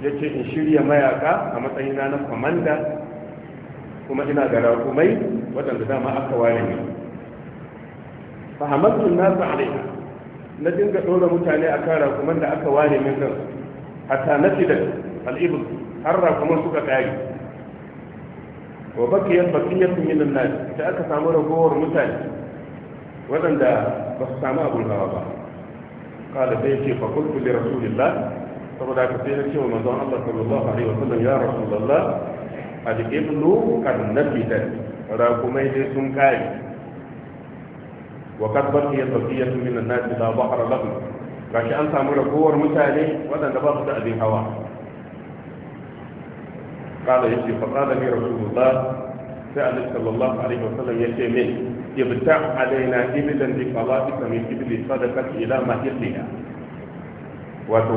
Ya ce in shirya mayaka a matsayina na kwamanda. kuma ina da rakumai waɗanda dama aka ware ne fahamantu nasu alaiha na dinga ɗora mutane a kara rakuman da aka ware min nan Hata na fidan al'ibul har kamar suka kare wa bakiyar bakiyar minan nan da aka samu ragowar mutane waɗanda ba su samu abun hawa ba kada sai ce fa kuntu li rasulillah saboda ka sai na ce wa manzon Allah sallallahu alaihi wa sallam ya rasulullah al ibnu kad nabita rakumai dai sun kare wa kad bakiyar bakiyar minan nas la bahra lahum gashi an samu ragowar mutane waɗanda ba su da abin hawa قال يجي فقال لي رسول الله سأل صلى الله عليه وسلم يجي من يبتع علينا إبدا لفضائك من إبل صدقة إلى مهلها wato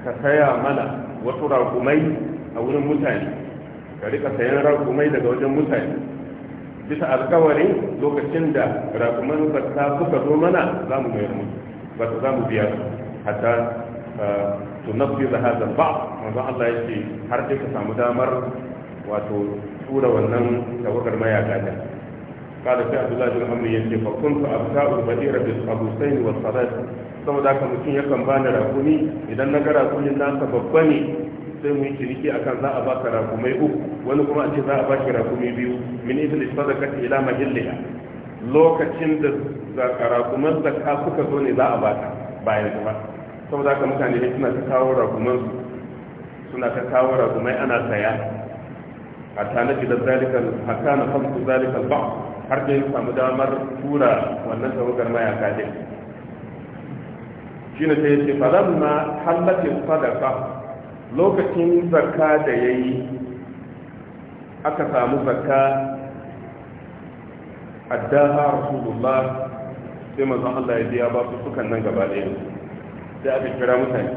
ka saya mana wasu rakumai a wurin mutane ka rika sayan rakumai daga bisa alkawari lokacin da rakuman ta suka zo mana za mu mayar mutu ba ta za mu biya hatta tunabbi da hada ba manzo Allah yake har sai ka samu damar wato tura wannan tawagar mayaka da kada sai Abdullahi bin Amr yake fa kuntu abta'u badira bil qabusain wal salat saboda haka mutum yakan bani rakumi idan na ga rakumin nasa babba ne sai mu yi ciniki akan za a baka rakumai uku wani kuma a ce za a baki rakumi biyu min ibn sadaqati ila majalliha lokacin da rakuman zakka suka zo ne za a baka bayan kuma saboda ka mutane ne suna ta kawo ragumansu suna ta kawo ragumai ana saya a tana da zalikar haka na kamsu zalikar ba har da yin samu damar tura wannan tawagar mayaka ne shi ne ta yace faran ma hallakin sadaka lokacin zakka da ya yi aka samu zakka addaha rasulullah sai mazan allah ya biya ba su sukan nan gaba ɗaya da aka kira mutane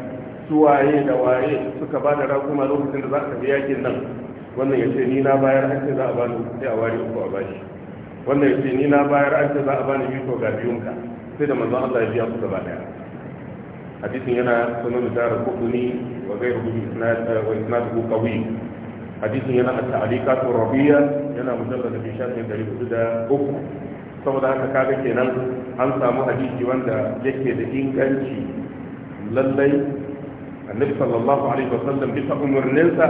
su waye da waye suka ba da rakuma lokacin da za ka biya yakin nan wannan ya ce ni na bayar an ce za a bani sai a ware uku a bashi wannan ya ce ni na bayar an ce za a bani biyu ga biyunka sai da manzon Allah ya biya su gaba daya hadisin yana sunan da rukuni wa ghayru bi isnad eh, wa isnaduhu qawi hadisin yana a taliqat ar-rabiya yana mujallad bi shafin 303 saboda haka kaga kenan an samu hadisi wanda yake da inganci للي النبي صلى الله عليه وسلم sallam bisa umur nilsa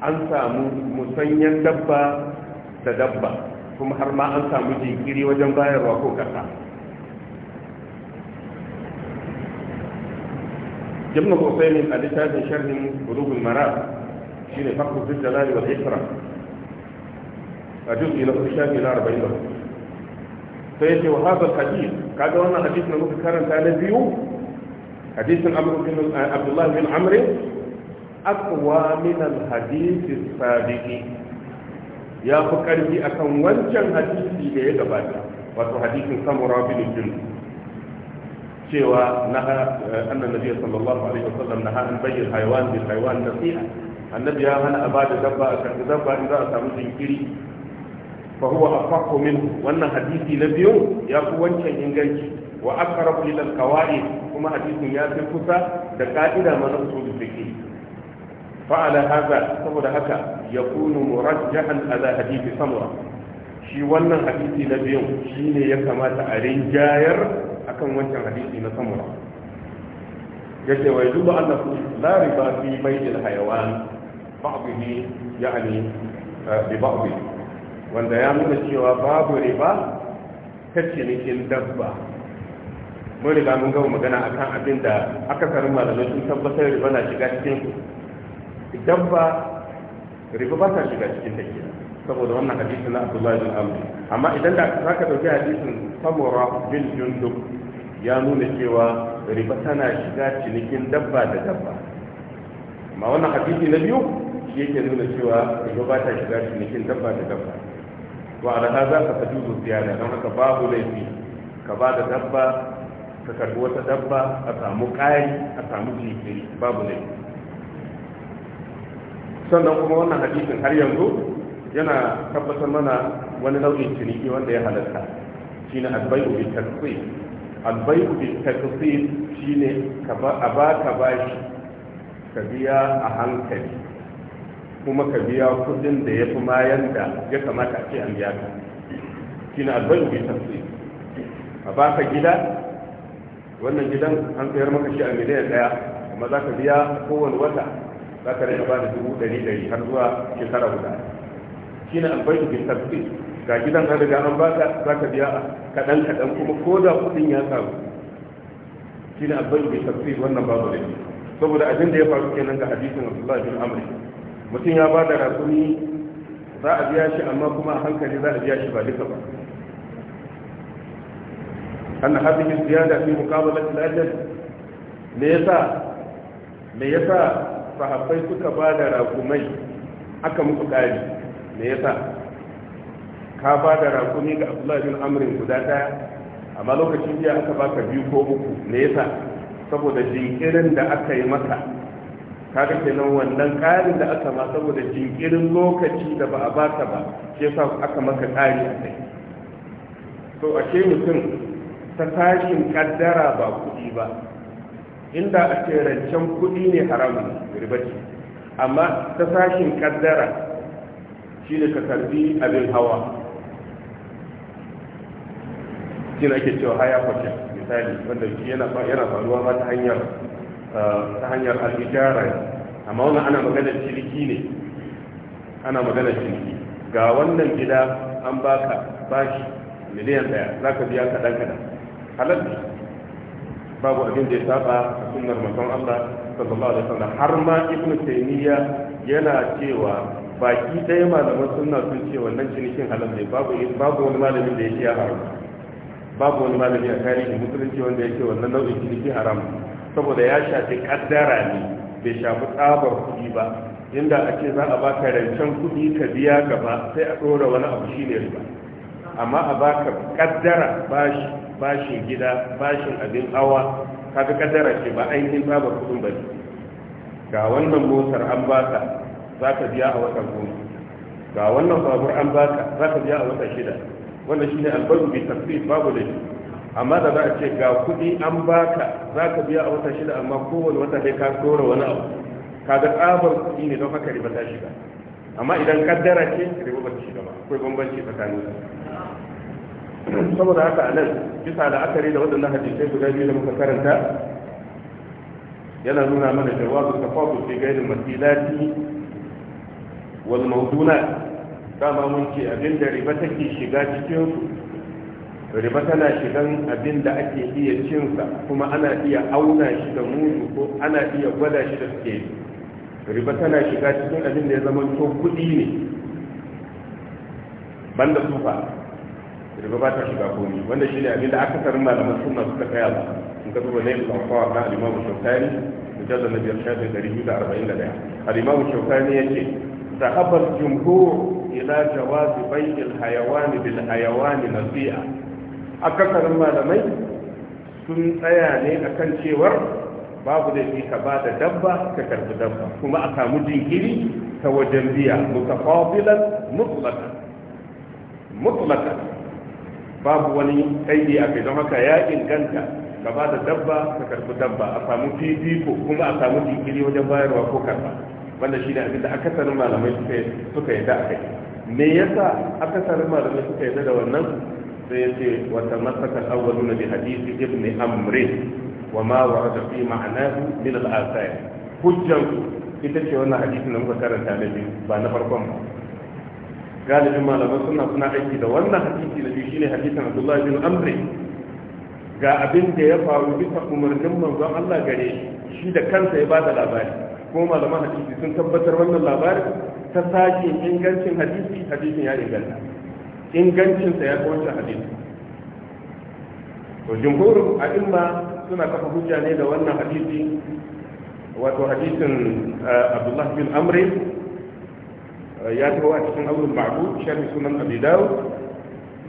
مسنيا samu musanyan ثم da dabba مجي كيري ma an samu jinkiri wajen bayarwa ko من الإشارة شر من قلوب المراب في نفق في الجلال والإكرة أجوز إلى الإشارة إلى أربعين فيجي وهذا الحديث كذا وانا حديثنا نفق كارن تالي بيوم hadisin abdullahi bin eh, Amri, akwa min hadisi sabiqi ya fi a kan wancan hadisi da ya gabata wato hadisin samura bin jinn cewa naha eh, annan nabi sallallahu alaihi wasallam naha an bayyin haiwan bil haiwan nasiha annabi ya hana a bada dabba a kan dabba in za a samu jinkiri fa huwa afaqu min wannan hadisi na biyu ya fi wancan inganci wa aqrabu ila qawaid kuma hadisin ya fi kusa da ka'ida ma na usul fiqh fa ala hadha saboda haka yakunu murajjahan ala hadith samura shi wannan hadisi na biyu shine ya kamata a rinjayar akan wancan hadisi na samura yace wa yudu annahu la riba fi bayt al-hayawan ba'dihi yani eh, bi ba'dihi wanda ya nuna cewa babu riba ta cinikin dabba mun riga mun gama magana akan abin da aka akasarin malamai sun tabbatar riba na shiga cikin dabba riba ba ta shiga cikin da ke saboda wannan hadisin na Abdullahi bin Amr amma idan da za ka dauki hadisin Samura bin Jundub ya nuna cewa riba tana shiga cinikin dabba da dabba amma wannan hadisi na biyu shi yake nuna cewa riba ba ta shiga cinikin dabba da dabba wa ala hadha fa tajuzu ziyada don haka babu laifi ka ba da dabba ka karbi wata dabba a samu ƙari a samu jinkiri babu ne sannan kuma wannan hadisin har yanzu yana tabbatar mana wani nau'in ciniki wanda ya halatta Shi ne bi taqsim albayu bi taqsim shine shi ba a ka bashi ka biya a hankali kuma ka biya kudin da ya fi mayan da ya kamata a ce an biya ka ne albai ubi taqsim a ka gida wannan gidan an tsayar maka shi a miliyan ɗaya amma za ka biya kowane wata za ka rika ba da dubu ɗari ɗari har zuwa shekara guda shi ne albaitu bin tafsir ga gidan an riga an baka za ka biya kaɗan kaɗan kuma ko da kuɗin ya samu shi ne albaitu bin tafsir wannan babu laifi saboda abin da ya faru kenan ga hadisin abdullahi bin amri mutum ya ba da rasuni za a biya shi amma kuma a hankali za a biya shi ba duka ba أن هذه الزيادة في مقابلة الأجل ليسا ليسا صحابي سكا بعد راكمي أكا متقالي ليسا ka ba da rakumi ga abdullahi bin amrin guda daya amma lokacin jiya aka ليسا سبو ko uku دا أكا يمتا jinkirin da aka kaga kenan wannan ƙarin da aka ma saboda jinkirin lokaci da ba a baka ba shi yasa aka maka ƙari a kai to a ce mutum ta tashin kaddara ba kuɗi ba inda a ce rancen kuɗi ne haramun ribaci amma ta tashin kaddara shi ne ka karbi abin hawa shi ne ake cewa haya kwacin misali wanda yana faruwa ba ta hanyar eh, ta hanyar al'ijara amma wannan ana maganar ciliki ne ana maganar ciliki ga wannan gida an baka bashi miliyan daya za ka biya kaɗan kaɗan halal babu abin da ya saba a sunnar manzon Allah sallallahu alaihi wasallam har ma ibnu taymiya yana cewa baki ɗaya malaman sunna sun ce wannan cinikin halal ne babu babu wani malamin da yake ya haram babu wani malami a tarihi musulunci wanda yake wannan nau'in ciniki haram saboda ya shafi kaddara ne bai shafi tsabar kuɗi ba inda a ce za a baka rancen kuɗi ka biya gaba sai a ɗora wani abu shi ne riba amma a baka kaddara bashi bashin gida bashin abin hawa kaga kadara ce ba ainihin babu kudin ba ga wannan motar an baka zaka biya a watan goma ga wannan babur an baka zaka biya a watan shida wannan shine albaru bi tafsir babu da amma da za a ce ga kudi an baka zaka biya a watan shida amma kowane wata sai ka tsora wani abu kaga tsabar kudi ne don haka riba ta shiga amma idan kaddara ce riba ba ta shiga ba akwai bambanci tsakanin saboda haka a nan bisa la'akari da waɗannan hadisai guda biyu da muka karanta yana nuna mana jawabu tafafu fi gairin masilati wal mawduna dama mun ce abin da riba take shiga cikin su riba tana shigan abin da ake iya cinsa kuma ana iya auna shi da mutu ko ana iya gwada shi da suke riba tana shiga cikin abin da ya zama to kuɗi ne banda tufa riba ba ta shiga komi wanda shi ne abinda aka akasarin malaman sunna suka kaya ba in ka zuba laifin alfawa na alimamu shaukani mujallar na biyar shafin dari biyu da arba'in da daya alimamu shaukani ya ce sahabar jumhur ila jawazi bai'il hayawani bil hayawani Nasiya. Aka akasarin malamai sun tsaya ne akan cewar babu da ka ba da dabba ka karbi dabba kuma a samu jinkiri ta wajen biya mutafafilan mutlaka mutlaka babu wani kaidi a kai don haka ya inganta ka ba da dabba ka karbi dabba a samu fifiko kuma a samu jinkiri wajen bayarwa ko karba wanda shi ne abin da akasarin malamai suka da a yi me yasa akasarin malamai suka yi da wannan sai yace wa tamassaka al-awwaluna bi hadisi ibn amr wa ma warada fi ma'nahu min al-athar hujjan ita ce wannan hadisin da muka karanta na biyu ba na farkon ba galibin malaman suna suna aiki da wannan hadisi na biyu shine hadisin abdullahi bin amri ga abin da ya faru bisa umarnin manzon Allah gare shi da kansa ya bada labari ko malaman hadisi sun tabbatar wannan labarin ta sake ingancin hadisi hadisin ya inganta Ingancinsa sa ya kawancin hadisi to jumhurin a'imma suna kafa hujja ne da wannan hadisi wato hadisin eh, Abdullahi bin Amri. ياتي هو اتسن اول المعبود شارك سنن ابي داود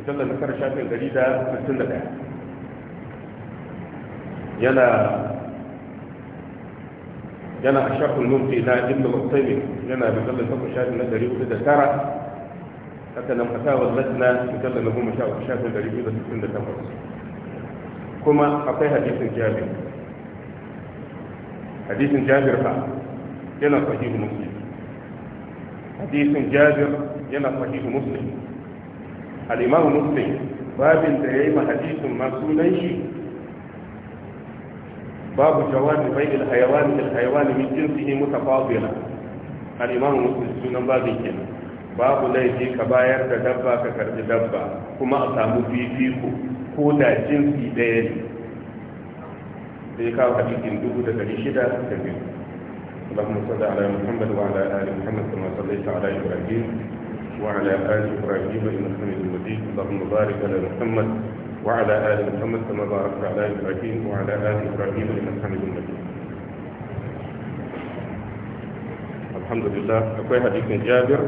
مثل ذكر الشافع الجديد في السنة ده ينا ينا الشيخ الممتي ده ابن مقصيمي ينا مثل ذكر الشافع الجديد في السنة حتى لم أتاوى المدنة مثل ما هو مشاوى الشافع الجديد في السنة ده كما أطيها حديث جابر حديث جابر فعلا ينا صحيح مسلم hadisin jabir yana sahihu muslim al-imam babin da yayi ma hadisin ma sunan shi babu jawabi bai al-hayawan al-hayawan min jinsihi mutafadila al-imam muslim sunan babin kenan babu laifi ka bayar da dabba ka karbi dabba kuma a samu fifiko ko da jinsi daya ne sai hadisin dubu da ɗari shida da biyu اللهم صل على محمد وعلى آل محمد كما صليت على إبراهيم وعلى آل إبراهيم إنك حميد مجيد اللهم بارك على محمد وعلى آل محمد كما باركت على إبراهيم وعلى آل إبراهيم إنك حميد مجيد الحمد لله أكوي حديث جابر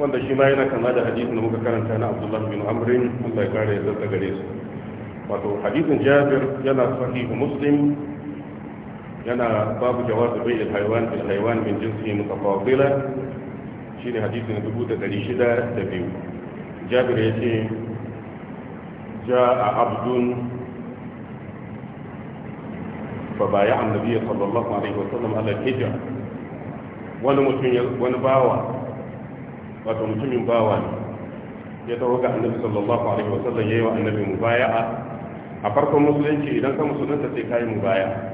wanda shi ma yana kama da hadisin da muka karanta na abdullahi bin amrin allah ya kare ya zarta gare su wato hadisin jabir yana sahihu muslim yana babu jawazu bai da alhaiwan alhaiwan min jinsi shi ne hadisi na dubu da dari 1602 jabir yace jaa abdun fa baya annabi sallallahu alaihi wasallam ala hijra wani mutum wani bawa wato mutumin bawa ya taho ga annabi sallallahu alaihi wa wasallam yayi wa annabi mubaya'a a farkon musulunci idan ka musulunta sai kai mubaya'a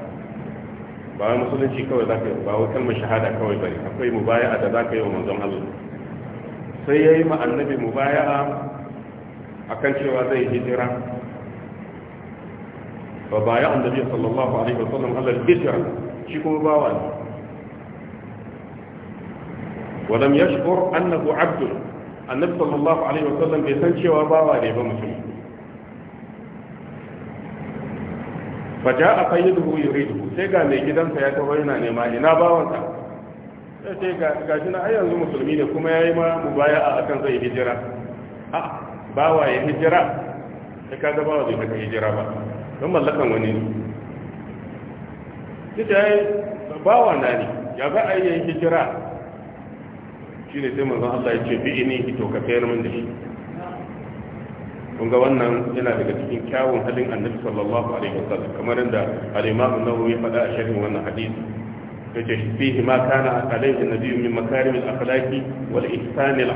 ba musulunci kawai za ka yi ba wai kalmar shahada kawai bari akwai mubaya'a da za ka yi wa manzon Allah sai ya yi ma annabi mubaya'a akan cewa zai hijira ba baya annabi sallallahu alaihi wasallam Allah hijira shi kuma bawa ne ولم يشعر أنه عبد النبي صلى الله عليه وسلم بيسان شوى باوى ليبا مسلم fa dubu qayyiduhu yuridu sai ga mai gidansa ya tabbai na nema ina bawansa sai sai ga gashi na ayyanzu yanzu musulmi ne kuma ya yi ma mu baya a akan zai hijira a ah, bawa ya hijira sai ka ga bawa zai ka hijira ba don mallakan wani ne sai yi, bawa na ne ya ba ai yi hijira ne sai manzon Allah ya ce bi ini ito ka fayar min da shi kunga wannan yana daga cikin kyawun halin annabi sallallahu alaihi wasallam kamar yadda al-imam an-nawawi ya faɗa a sharhin wannan hadisi yace fihi ma kana alaihi nabi min makarim al-akhlaqi wal ihsan al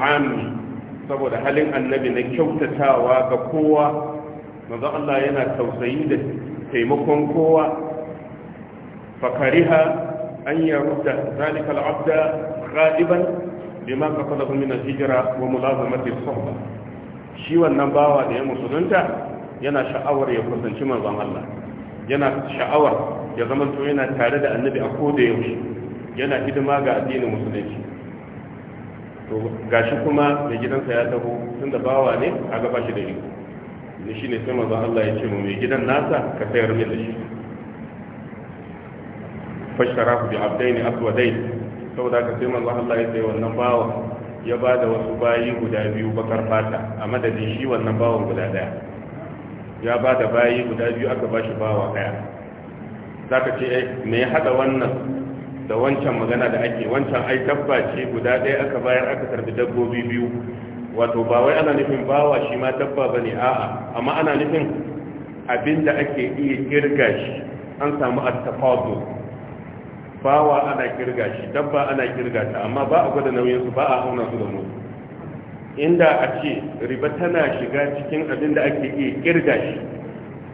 saboda halin annabi na kyautatawa ga kowa manzo Allah yana tausayi da taimakon kowa fakariha an yarudda zalika al-abda ghaliban bima qasalahu min al-hijra wa mulazamati as shi wannan bawa da ya musulunta yana sha'awar ya kusanci manzon Allah yana sha'awar ya zama to yana tare da annabi a ko da yaushe yana hidima ga addinin musulunci to gashi kuma mai gidansa ya taho tunda bawa ne a gaba shi da iko ne shine sai manzon Allah ya ce mu mai gidan nasa ka sayar min da shi fasharahu bi abdaini aswadain saboda ka sai manzon Allah ya sayi wannan bawa ya ba da wasu bayi guda biyu bakar fata a madadin shi wannan bawan guda daya ya ba da bayi guda biyu aka ba shi bawa daya za ka ce eh me ya haɗa wannan da wancan magana da ake wancan ai dabba ce guda ɗaya aka bayar aka tarbi dabbobi biyu wato ba wai ana nufin bawa shi ma dabba ba ne a'a amma ana nufin abinda ake iya kirga shi an samu attafatu bawa ana kirga shi dabba ana kirga ta amma ba a gwada nauyinsu ba a auna su da mu inda a ce riba tana shiga cikin abin da ake yi kirga shi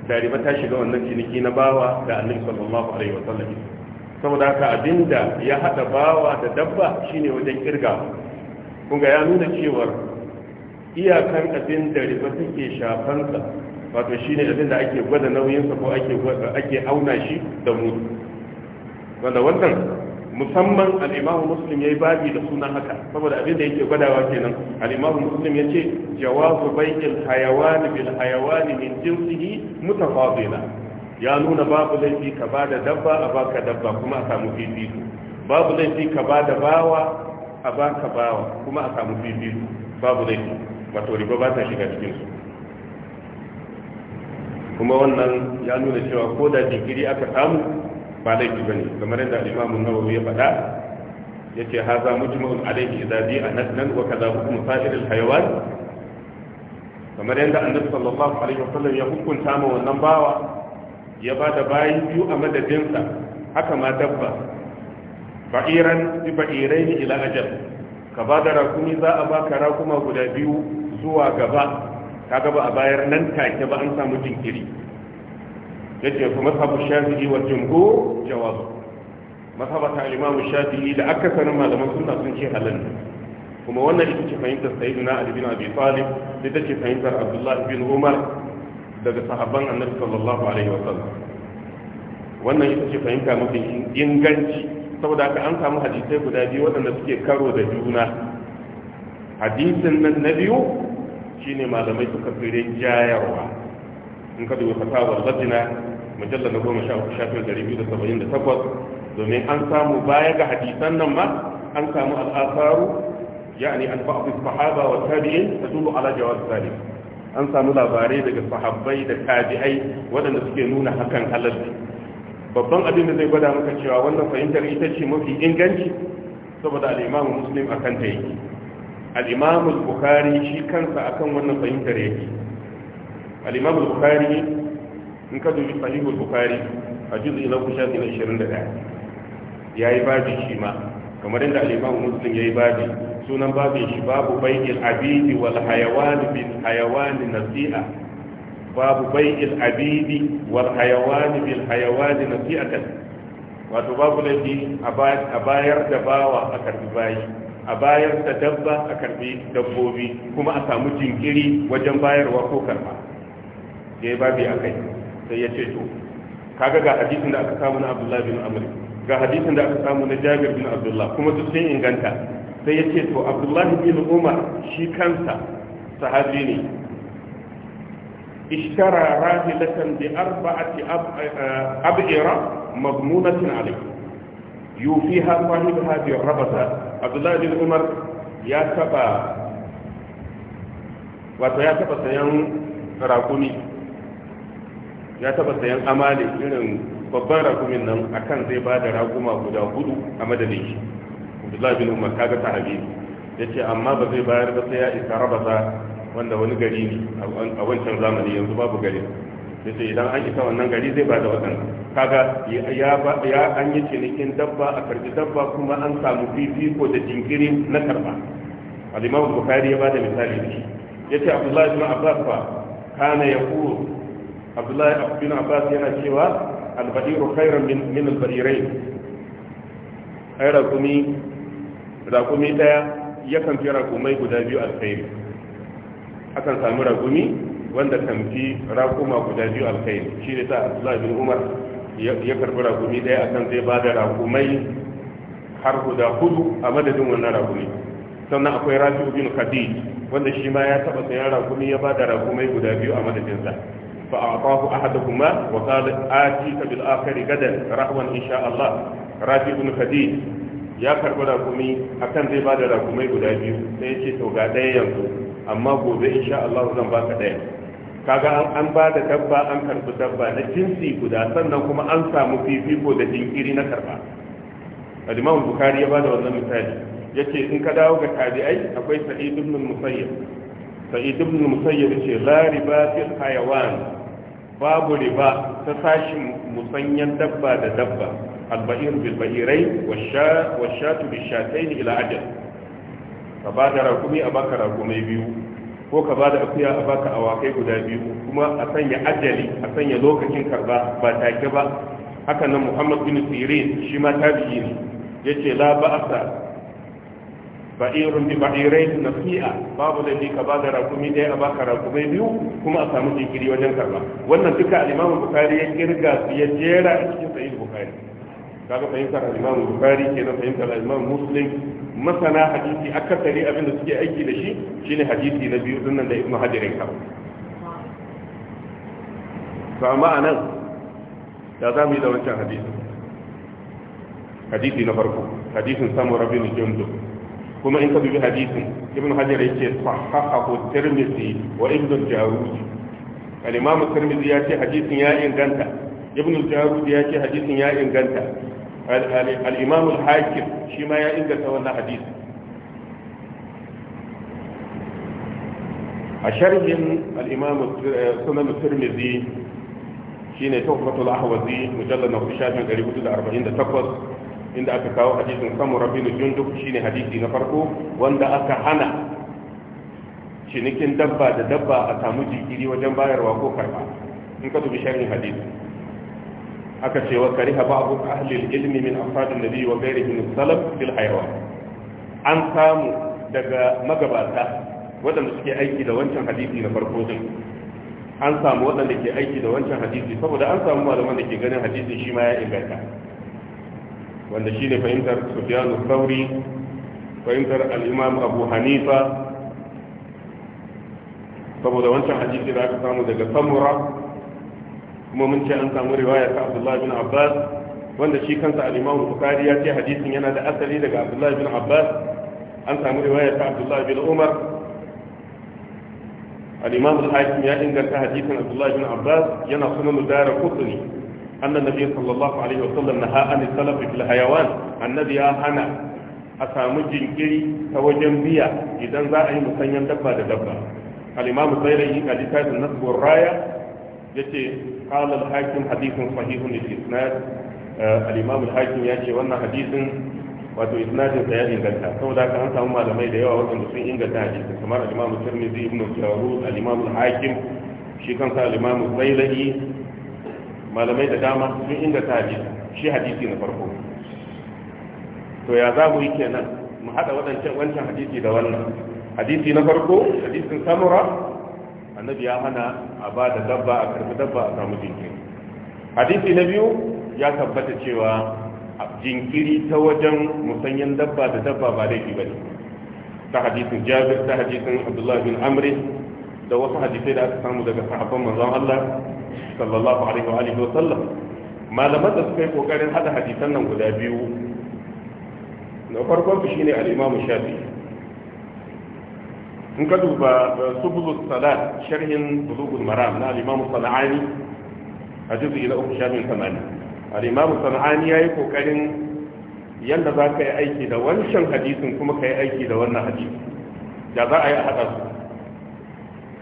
da riba ta shiga wannan ciniki na bawa da annabi sallallahu alaihi wa sallam saboda haka abinda ya hada bawa da dabba shine wajen kirga kun ga ya nuna cewa iyakan abin da riba take shafansa wato shine abin da ake gwada sa ko ake ake auna shi da mutu wanda wannan musamman al'imamu muslim ya yi babi da suna haka saboda abin da yake gwadawa kenan al'imamu muslim ya ce jawabu baikin hayawani bil hayawani min jinsihi mutafadila ya nuna babu laifi ka ba da dabba a baka dabba kuma a samu fifiko babu laifi ka ba da bawa a baka bawa kuma a samu fifiko babu laifi wato riba ba ta shiga cikinsu kuma wannan ya nuna cewa ko da digiri aka samu ba laifi bane kamar yadda imamu nawawi ya faɗa yace haza mujma'un alayhi idza bi naslan wa kaza hukm sa'ir al-hayawan kamar yadda annabi sallallahu alaihi wasallam ya hukunta ma wannan bawa ya ba da bayi biyu a sa haka ma dabba ba'iran bi ba'iraini ila ajal ka ba da rakumi za a baka rakuma guda biyu zuwa gaba kaga ba a bayar nan take ba an samu jinkiri yake kuma mazhabu shafi'i wa jumhur jawab mazhabata al-imam shafi'i da sanin malaman sunna sun ce halal kuma wannan ita ce fahimtar sayyidina ali bin abi talib da ce fahimtar abdullahi bin umar daga sahabban annabi sallallahu alaihi wasallam wannan ita ce fahimta mafi inganci saboda ka an samu hadisai guda biyu waɗanda suke karo da juna hadisin nan na biyu shine malamai suka fi jayarwa in ka dubi fatawar latina mujallar na goma sha uku shafin dari biyu da saba'in da takwas domin an samu baya ga hadisan nan ma an samu al'asaru yani an ba'adu sahaba wa tabi'in ta dubu ala jawab zalim an samu labarai daga sahabbai da tabi'ai waɗanda suke nuna hakan halalci babban abin da zai gwada maka cewa wannan fahimtar ita ce mafi inganci saboda al'imamu muslim akan ta yake al'imamu bukari shi kansa akan wannan fahimtar yake الإمام البخاري نكاد يفهم البخاري أجد إلى وشاد إلى شرنا ده يا إبادي شما كما رند الإمام مسلم يا إبادي سنا باب الشباب بيع العبيد والحيوان بالحيوان نسيئة باب بيع العبيد والحيوان بالحيوان نسيئة وتباب الذي أباير أباير دباوة أكربي a bayar da dabba a karbi dabbobi kuma a samu jinkiri wajen bayarwa ko karba da ya babi a kai sai ya ce to kaga ga hadisin da aka samu na abdullahi bin amr ga hadisin da aka samu na jabir bin abdullah kuma duk sun inganta sai ya ce to abdullahi bin umar shi kansa sahabi ne ishtara rahilatan bi arba'ati eh, ab'ira madmunatin alayhi yufiha sahibaha bi rabata abdullahi bin umar ya taba wato ya taba sayan rakuni ya taba sayan amale irin babban rakumin nan akan zai ba da raguma guda hudu a madadin shi abdullahi bin umar kaga sahabi ya ce amma ba zai bayar ba sai ya isa rabasa wanda wani gari ne a wancan zamani yanzu babu gari ya ce idan an isa wannan gari zai ba da waɗanda kaga ya an yi cinikin dabba a karbi dabba kuma an samu fifiko da jinkiri na karba al'imam bukari ya ba da misali ne ya ce abdullahi bin abbas fa kana ya abdullahi bin abbas yana cewa albadiru khairan min albadirai ai rakumi rakumi daya yakan fi rakumai guda biyu alkhairi akan samu rakumi wanda kan fi rakuma guda biyu alkhairi shi ne ta abdullahi bin umar ya karbi rakumi daya akan zai ba da rakumai har guda hudu a madadin wannan rakumi sannan akwai rafi bin khadij wanda shi ma ya taba sayan rakumi ya ba da rakumai guda biyu a madadinsa فأعطاه أحدهما وقال آتيك بالآخر غدا رحوا إن شاء الله رافي بن خديج ya karɓi rakumi akan zai ba da rakumai guda biyu sai ya ce to ga ɗaya yanzu amma gobe insha Allah zan ba ka ɗaya kaga an ba da dabba an karɓi dabba na jinsi guda sannan kuma an samu fifiko da jinkiri na karɓa al Bukhari ya ba da wannan misali yace in ka dawo ga tabi'ai akwai Sa'id ibn Musayyib Sa'id ibn Musayyib ce la riba fil hayawan babu riba ta sashin musanyan dabba da dabba alba'ir bil wa shatu bil shatayn ila ajal ka ba da rakumi a baka rakumai biyu ko ka ba da akuya a baka awakai guda biyu kuma a sanya ajali a sanya lokacin karba ba take ba haka nan muhammad bin sirin shi ma tabi'i ne yace la ba'asa ba'irun bi ba'irai nasi'a babu da ka ba da rakumi ɗaya a baka rakumai biyu kuma a samu jinkiri wajen karba wannan duka al bukari ya kirga su ya jera a cikin Sahih Bukhari kaga fahimtar al bukari Bukhari na fahimtar al-Imam Muslim masana hadisi akasari abin da suke aiki da shi shine hadisi na biyu dinnan da Ibn Hajar ya kawo to amma anan da za mu yi da wancan hadisi hadisi na farko hadisin samu rabin jundub كما انت بحديث ابن حجر صححه الترمذي وابن الجاروجي الامام الترمذي ياتي حديث يا انغنتا ابن الجاروجي ياتي حديث يا انغنتا الامام الحاكم شيما يا انغنتا ولا حديث أشرح الإمام سنن الترمذي في تحفة الأحوذي مجلد نقشات من قريبة الأربعين تقص inda aka kawo hadisin samun rabbi da junduk shine hadisi na farko wanda aka hana cinikin dabba da dabba a samu jikiri wajen bayarwa ko karba in ka dubi sharhin hadisi aka ce wa kariha ba'du ahli ilmi min afrad an-nabi wa ghayrihi min salaf fil hayawan an samu daga magabata waɗanda suke aiki da wancan hadisi na farko din an samu waɗanda ke aiki da wancan hadisi saboda an samu malaman da ke ganin hadisin, shi ma ya inganta wanda shine fahimtar sufyan Sauri, fahimtar al abu hanifa saboda wancan hadisi da aka samu daga samura kuma mun ce an samu riwaya ta abdullah bin abbas wanda shi kansa al-imam bukhari ya ce hadisin yana da asali daga abdullah bin abbas an samu riwaya ta abdullah bin umar al al-hakim ya inganta hadisin abdullah bin abbas yana sunan dara kutuni أن النبي صلى الله عليه وسلم نهى عن السلف في الحيوان النبي هنا أسامو جنكري توجن بيا إذا زاء مسنين دبا دبا الإمام الزيري قال لكاد النصب والراية يتي قال الحاكم حديث صحيح للإسناد الإمام الحاكم يأتي وأن حديث wato isnadin sa ya inganta saboda haka an samu malamai da yawa waɗanda sun inganta hadisi kamar al-Imam Tirmidhi ibn Jarud al-Imam al-Hakim shi kansa al-Imam Zailai malamai da dama sun inganta hadisi shi hadisi na farko to ya za mu yi kenan mu haɗa waɗancan wancan hadisi da wannan hadisi na farko hadisin samura annabi ya hana a ba da dabba a karbi dabba a samu jinkiri hadisi na biyu ya tabbata cewa jinkiri ta wajen musanyen dabba da dabba ba laifi ba ne ta hadisin jabir ta hadisin abdullahi bin amri da wasu hadisai da aka samu daga sahabban manzon allah sallallahu alaihi wa sallam malaman da suka yi kokarin hada hadisan nan guda biyu na farkon su shine al-Imam shafi in ka duba uh, subulus salat sharhin bulugul maram na al-Imam Sana'ani a juz'i na uku shafin tamanin al-Imam Sana'ani yayi kokarin yanda za ka yi aiki da wancan hadisin kuma ka yi aiki da wannan hadisin da za a yi a haɗa su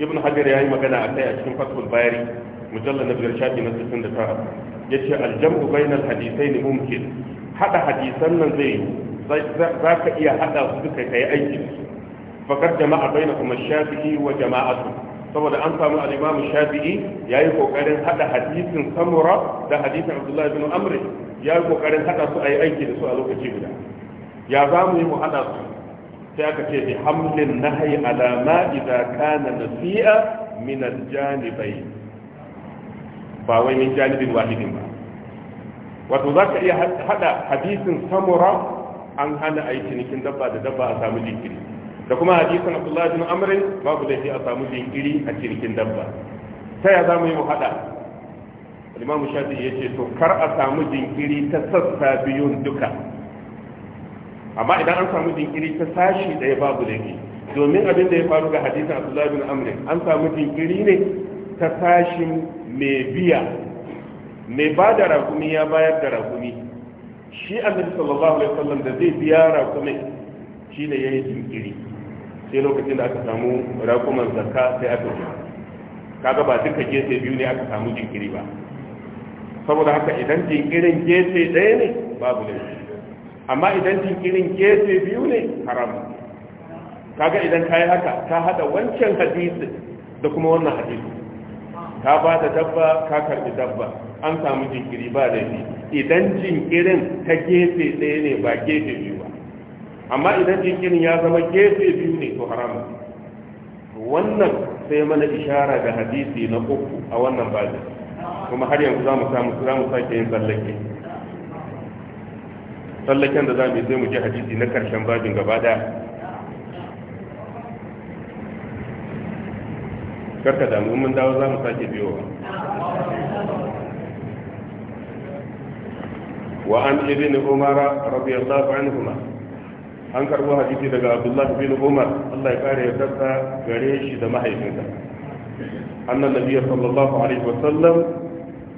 ibn hajar ya yi magana a kai a cikin fatul bayari mujalla na biyar shafi na sittin da tara ya ce aljamu bainal hadisai ne mumkin haɗa hadisan nan zai za ka iya haɗa su duka ka yi aiki fakar jama'a baina kuma shafi'i wa jama'atu saboda an samu al'imamu shafi'i ya yi ƙoƙarin haɗa hadisin samura da hadisin abdullahi bin amri ya yi ƙoƙarin haɗa su a yi aiki da su a lokaci guda ya za mu yi mu haɗa su sai aka ce bi hamlin nahayi alama idan na nasi'a min aljanibai ba wai min janibin wahidin ba wato za ka iya hada hadisin samura an hana a yi cinikin dabba da dabba a samu jinkiri da kuma hadisin abdullahi bin amrin babu laifi a samu jinkiri a cinikin dabba ta ya za yi mu hada Limamu shafi ya ce to kar a samu jinkiri ta sassa biyun duka amma idan an samu jinkiri ta sashi ɗaya babu laifi domin abin da ya faru ga hadisin abdullahi bin amrin an samu jinkiri ne ta sashin mai biya mai ba da rakumi ya bayar da rakumi shi annabi sallallahu alaihi wasallam da zai biya rakumi shine yi jinkiri sai lokacin da aka samu rakuman zakka sai aka biya kaga ba duka gefe biyu ne aka samu jinkiri ba saboda haka idan jinkirin gefe ɗaya ne babu ne amma idan jinkirin gefe biyu ne haram kaga idan yi haka ka hada wancan hadisi da kuma wannan hadisi ka ba da dabba ka karbi dabba an samu jinkiri ba shi idan jinkirin ta gefe ɗaya ne ba gefe biyu ba amma idan jinkirin ya zama gefe biyu ne to haramun wannan sai mana ishara da hadisi na uku a wannan bazin kuma har yanzu za mu samu za mu sake yin tsallake tsallaken da za mu yi sai mu ji hadisi na karshen bajin gaba daya karka damu mun dawo za mu sake biyowa wa an ibn umar radiyallahu anhuma an karbo hadisi daga abdullahi bin umar Allah ya kare yardarsa gare shi da mahaifinsa annan nabiyyu sallallahu alaihi wa sallam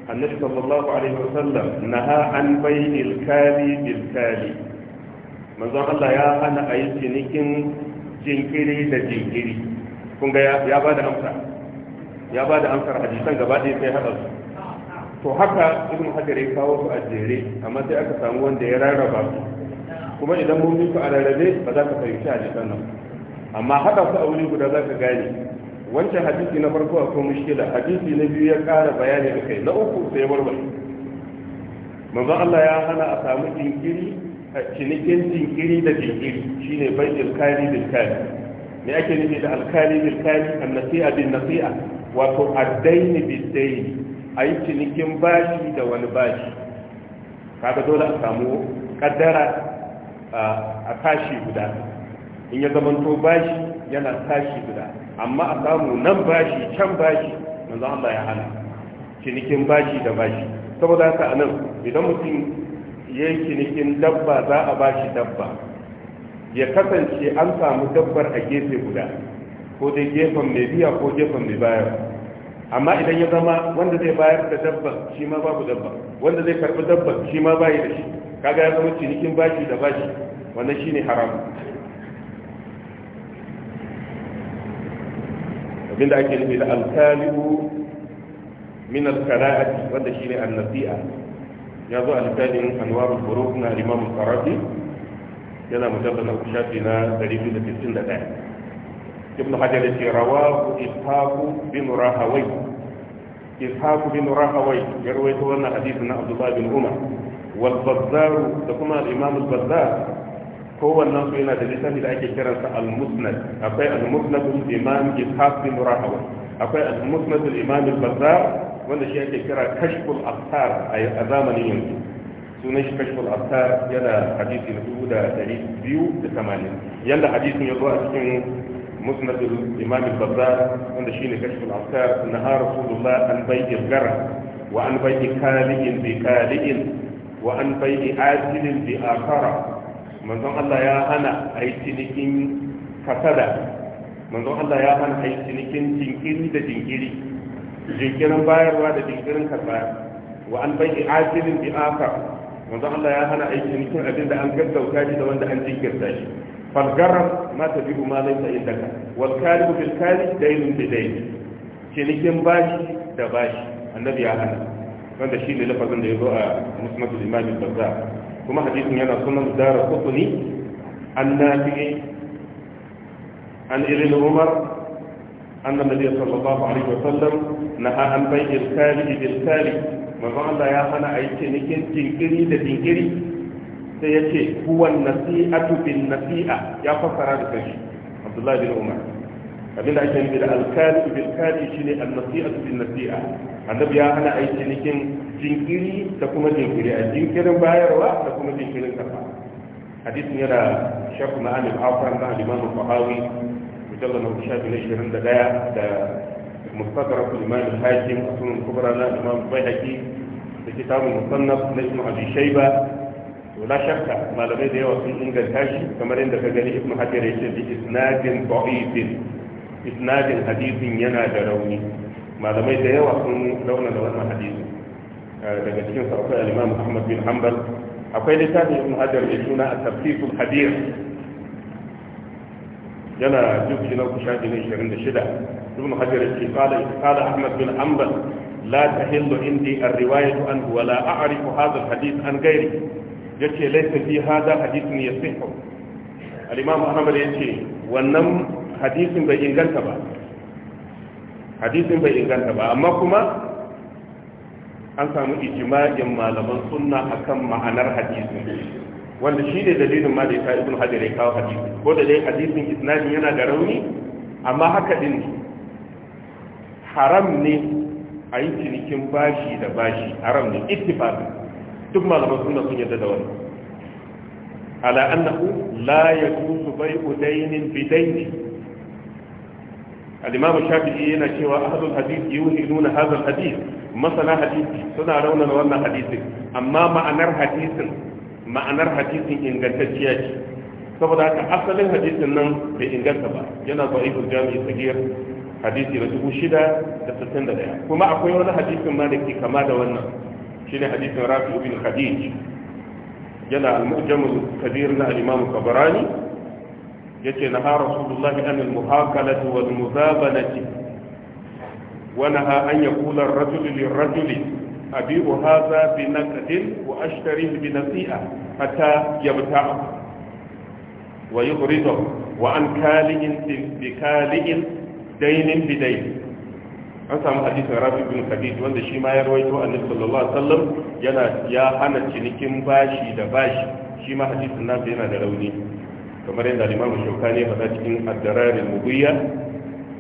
annabi sallallahu alaihi wa naha an bai'il kali bil kali manzon Allah ya hana ayi cinikin da jinkiri kun ga ya bada amsa ya ba da amsar hadisan gaba ɗaya sai haɗa su to haka ibn hajar ya kawo su a jere amma sai aka samu wanda ya rarraba su kuma idan mun su a rarrabe ba za ka fahimci hadisan nan amma haɗa su a wuri guda za ka gane wancan hadisi na farko akwai mushkila hadisi na biyu ya ƙara bayani da kai, na uku sai warware manzo Allah ya hana a samu jinkiri a cinikin jinkiri da jinkiri shine bai ilkari da ilkari me ake nufi da alkali bil kali annasi'a bin nasi'a wato addaini bil daini ayi cinikin bashi da wani bashi kaga dole a samu kaddara a kashi guda in ya zamanto bashi yana kashi guda amma a samu nan bashi can bashi manzo Allah ya hana cinikin bashi da bashi saboda haka anan idan mutum yayin cinikin dabba za a bashi dabba ya kasance an samu dabbar a gefe guda ko dai gefen mai biya ko gefen mai bayar amma idan ya zama wanda zai bayar da dabba shi ma babu dabba wanda zai karbi dabba shi ma bayi da shi kaga ya zama cinikin bashi da bashi wannan shine haram abinda ake nufi da alkalibu min alkara'ati wanda shine annasi'a ya zo a littafin anwarul buruq na imam al yana mujallar na shafi na 291 ibn hajar ya ce rawahu ishaqu bin rahawai ishaqu bin rahawai ya rawaito wannan hadisi na abdullah bin umar wal bazzar da kuma al-imam al-bazzar kowannen su yana da lisani da ake kiransa al-musnad akwai al-musnad imam ishaq bin rahawai akwai al-musnad imam al-bazzar wanda shi ake kira kashful aftar a zamanin yanzu sunan shi kashful aftar yana hadisi na dubu da dari biyu da tamanin yadda hadisin ya zo a cikin musnadul imam al-bazzar wanda shine kashful aftar na ha rasulullah an bai'i gara wa an bai'i kali'in bi kali'in wa an bai'i asilin bi akara manzon Allah ya hana a yi cinikin kasada manzon Allah ya hana a yi cinikin jinkiri da jinkiri jinkirin bayarwa da jinkirin karɓa wa an bai'i asilin bi akara wanda Allah ya hana aiki nikin abin da an gaggauta shi da wanda an jinkirta shi falgarar ma ta biyu ma inda ka wal kalibu bil kalib daynun bi dayn cinikin bashi da bashi annabi ya hana wanda shi ne lafazin da ya zo a musnadul imam al-bazza kuma hadisin yana sunan dara qutni annabi an ibn umar anna nabiy sallallahu alaihi wasallam naha an bai'il kalib bil kalib manzon Allah ya hana a yi cinikin jinkiri da jinkiri sai ya ce huwan nasi'atu bin nasi'a ya fassara da kashi Abdullahi bin Umar abin da ake nufi da alkali bil kali shine an-nasi'atu bin nasi'a annabi ya hana a yi cinikin jinkiri da kuma jinkiri a jinkirin bayarwa da kuma jinkirin karfa hadisin yana shafi ma'anin afran na al-imam al-fahawi mujallal na 21 da مستدرك الإمام الحاكم أصول الكبرى لا الإمام البيهقي لكتاب المصنف لابن أبي شيبة ولا شك ما لم يدعي وصول إنجل هاشي كما عند فجاني ابن حجر يشد بإسناد ضعيف إسناد حديث ينادى لوني ما لم يدعي وصول لون لون حديث daga cikin sarrafa al-imam Ahmad bin Hanbal akwai littafin Ibn Hajar mai suna At-Tafsirul Hadir yana juzu na shafi na 26 ibn hajar yake qala qala ahmad bin hanbal la tahillu indi ar-riwayatu anhu wa la a'rifu hadha al-hadith an ghairi yace laysa fi hadha hadithun yasihhu al-imam ahmad yace wannan hadisin bai inganta ba hadisin bai inganta ba amma kuma an samu ijma'in malaman sunna akan ma'anar hadisin wanda shi ne dalilin ma da ya ibn hajar ya kawo hadisi ko da dai hadisin isnadin yana da rauni amma haka din haram ne a yi cinikin bashi da bashi haram ne ittifaqi duk malaman sunna sun yadda da wannan ala annahu la yajuzu bai'u daynin bi dayni al-imam shafi'i yana cewa ahlul hadith yuhinuna hadha al-hadith masana hadisi suna raunana wannan hadisin amma ma'anar hadisin ma'anar hadisin ingantacciya ce saboda haka asalin hadisin nan bai inganta ba yana zuwa ibn jami'i sagir hadisi na dubu shida da sassan da ɗaya kuma akwai wani hadisin ma da ke kama da wannan shine hadisin rafi ibn khadij yana al-mu'jamul kabir na al-imam kabarani yace na ha rasulullah an al-muhakalati wal muzabanati wa naha an yaqula ar-rajul lir-rajuli abi hadha bi naqdin wa ashtari bi nasi'a hatta yabta'a wa yughridu wa an kali'in bi kali'in dainin bidai an samu hadisin rafi bin khadid wanda shi ma ya rawaito annabi sallallahu alaihi wasallam yana ya hana cinikin bashi da bashi shi ma hadisin nasa yana da rauni kamar yadda al-Imam Shawkani faɗa cikin Ad-Darar al-Mughiyya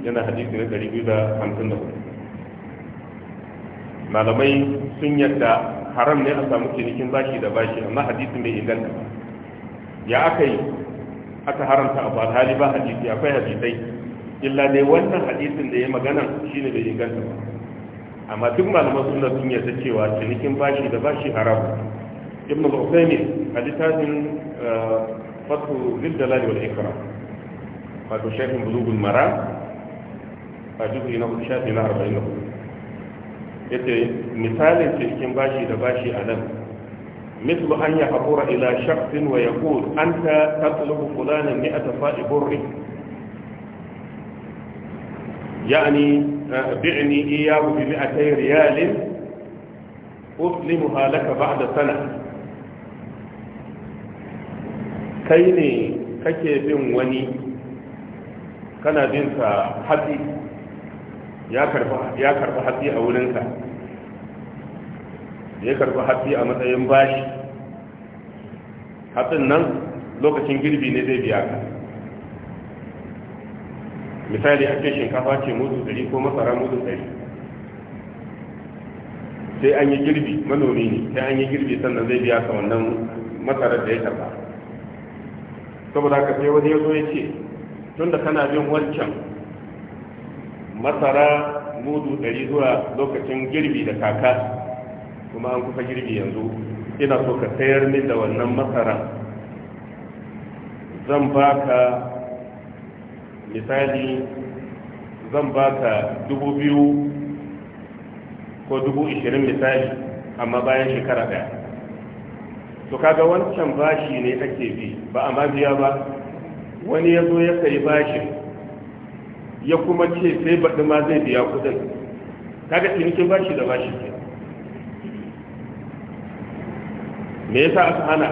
yana hadisi na 254 malamai sun yadda haram ne a samu cinikin bashi da bashi amma hadisin bai inganta ba aka yi, aka haramta abu alhali ba hadisi akwai hadisai illa dai wannan hadisin da ya magana shine bai inganta ba amma duk malaman sunna sun yarda cewa cinikin bashi da bashi haram ibn al-usaymi a littafin eh, fatu lil-dalal wal ikram wato shafin bulugul mara a juzu na hudu shafi na arba'in da hudu yace misalin cinikin bashi da bashi a nan مثل أن يحضر إلى شخص ويقول أنت تطلب فلانا مئة فائب يعني بعني إياه بمئتي ريال أسلمها لك بعد سنة كيني kake bin wani kana binsa hatsi ya karfi hatsi a wurinka ya karfi hatsi a matsayin bashi hatsin nan lokacin girbi ne zai biya ka misali a ce shinkafa ce mudu dari ko masara mudu dari. sai an yi girbi manomi ne sai an yi girbi sannan zai biya ka wannan masara da ya karba saboda haka sai wani ya zo ya ce tun kana bin wancan masara mudu dari zuwa lokacin girbi da kaka kuma an kusa girbi yanzu ina so ka sayar min da wannan masara zan baka misali zan ba ka dubu biyu ko dubu ishirin misali amma bayan shekara ɗaya to kaga wancan bashi ne ake bi ba a biya ba wani ya zo ya sayi bashin ya kuma ce sai baɗi ma zai biya kudin kaga cinikin bashi da bashi ke me yasa aka hana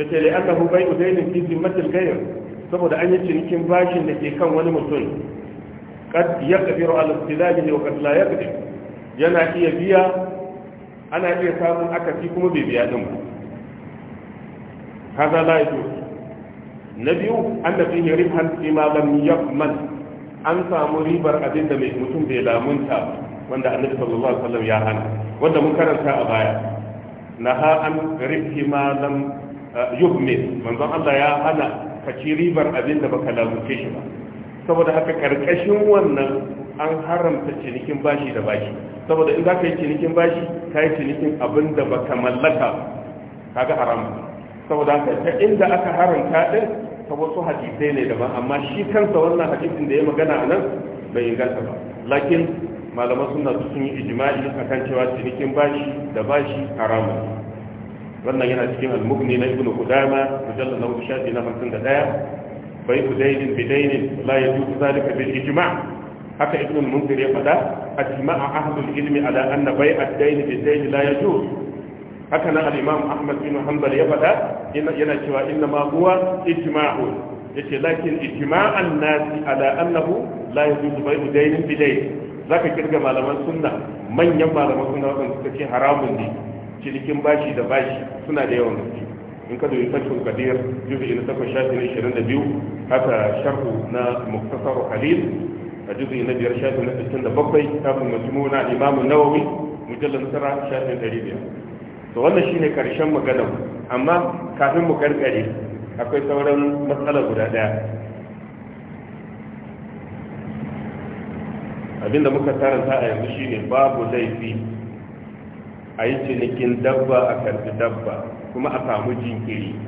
ya ce da an hu bai udainin fi zimmatil gayar saboda an yi cinikin bashin da ke kan wani mutum kad ya kafiru al-istidali wa kad la yaqdir yana iya biya ana iya samun akasi kuma bai biya din ba kaza la yato na biyu an da fihi ribhan fi ma lam yaqman an samu ribar abin da mai mutum bai lamunta wanda annabi sallallahu alaihi wasallam ya hana wanda mun karanta a baya Na ha an ribhi ma lam eh, yuqmin manzon Allah ya hana ka ribar abin da baka lamuke shi ba saboda haka karkashin wannan an haramta cinikin bashi da bashi saboda in za ka yi cinikin bashi ka yi cinikin abin da baka mallaka kaga haram saboda haka ta inda aka haramta din ta wasu hadisai ne da ba. amma shi kansa wannan hadisin da ya magana a nan bai inganta ba lakin malaman suna sun yi ijma'i akan cewa cinikin bashi da bashi haramun wannan yana cikin al-mughni na ibnu qudama mujallal na shafi na 51 bai kudainin bidainin la yajuzu zalika bil ijma' haka ibn al-munzir ya faɗa ajma'a ahlul ilmi ala anna bai' ad-dayn bi dayn la yajuz haka na al-imam ahmad bin hanbal ya faɗa yana cewa inna ma huwa ijma'un yace lakin ijma'an nas ala annahu la yajuz bai'u dayn bi dayn zaka kirga malaman sunna manyan malaman sunna wanda suka ce haramun ne cinikin bashi da bashi suna da yawan gaske in ka dubi fashin kadir juz'i ina 8 shafi na 22 haka sharhu na muktasar khalil a juz'i na biyar shafi na bakwai kafin majmu'una na imamu nawawi mujallar 9 shafi biyar to wannan shine karshen maganar amma kafin mu karkare akwai sauran matsala guda daya abinda muka taranta a yanzu shine babu laifi a yi cinikin dabba a karfi dabba kuma a samu jinkiri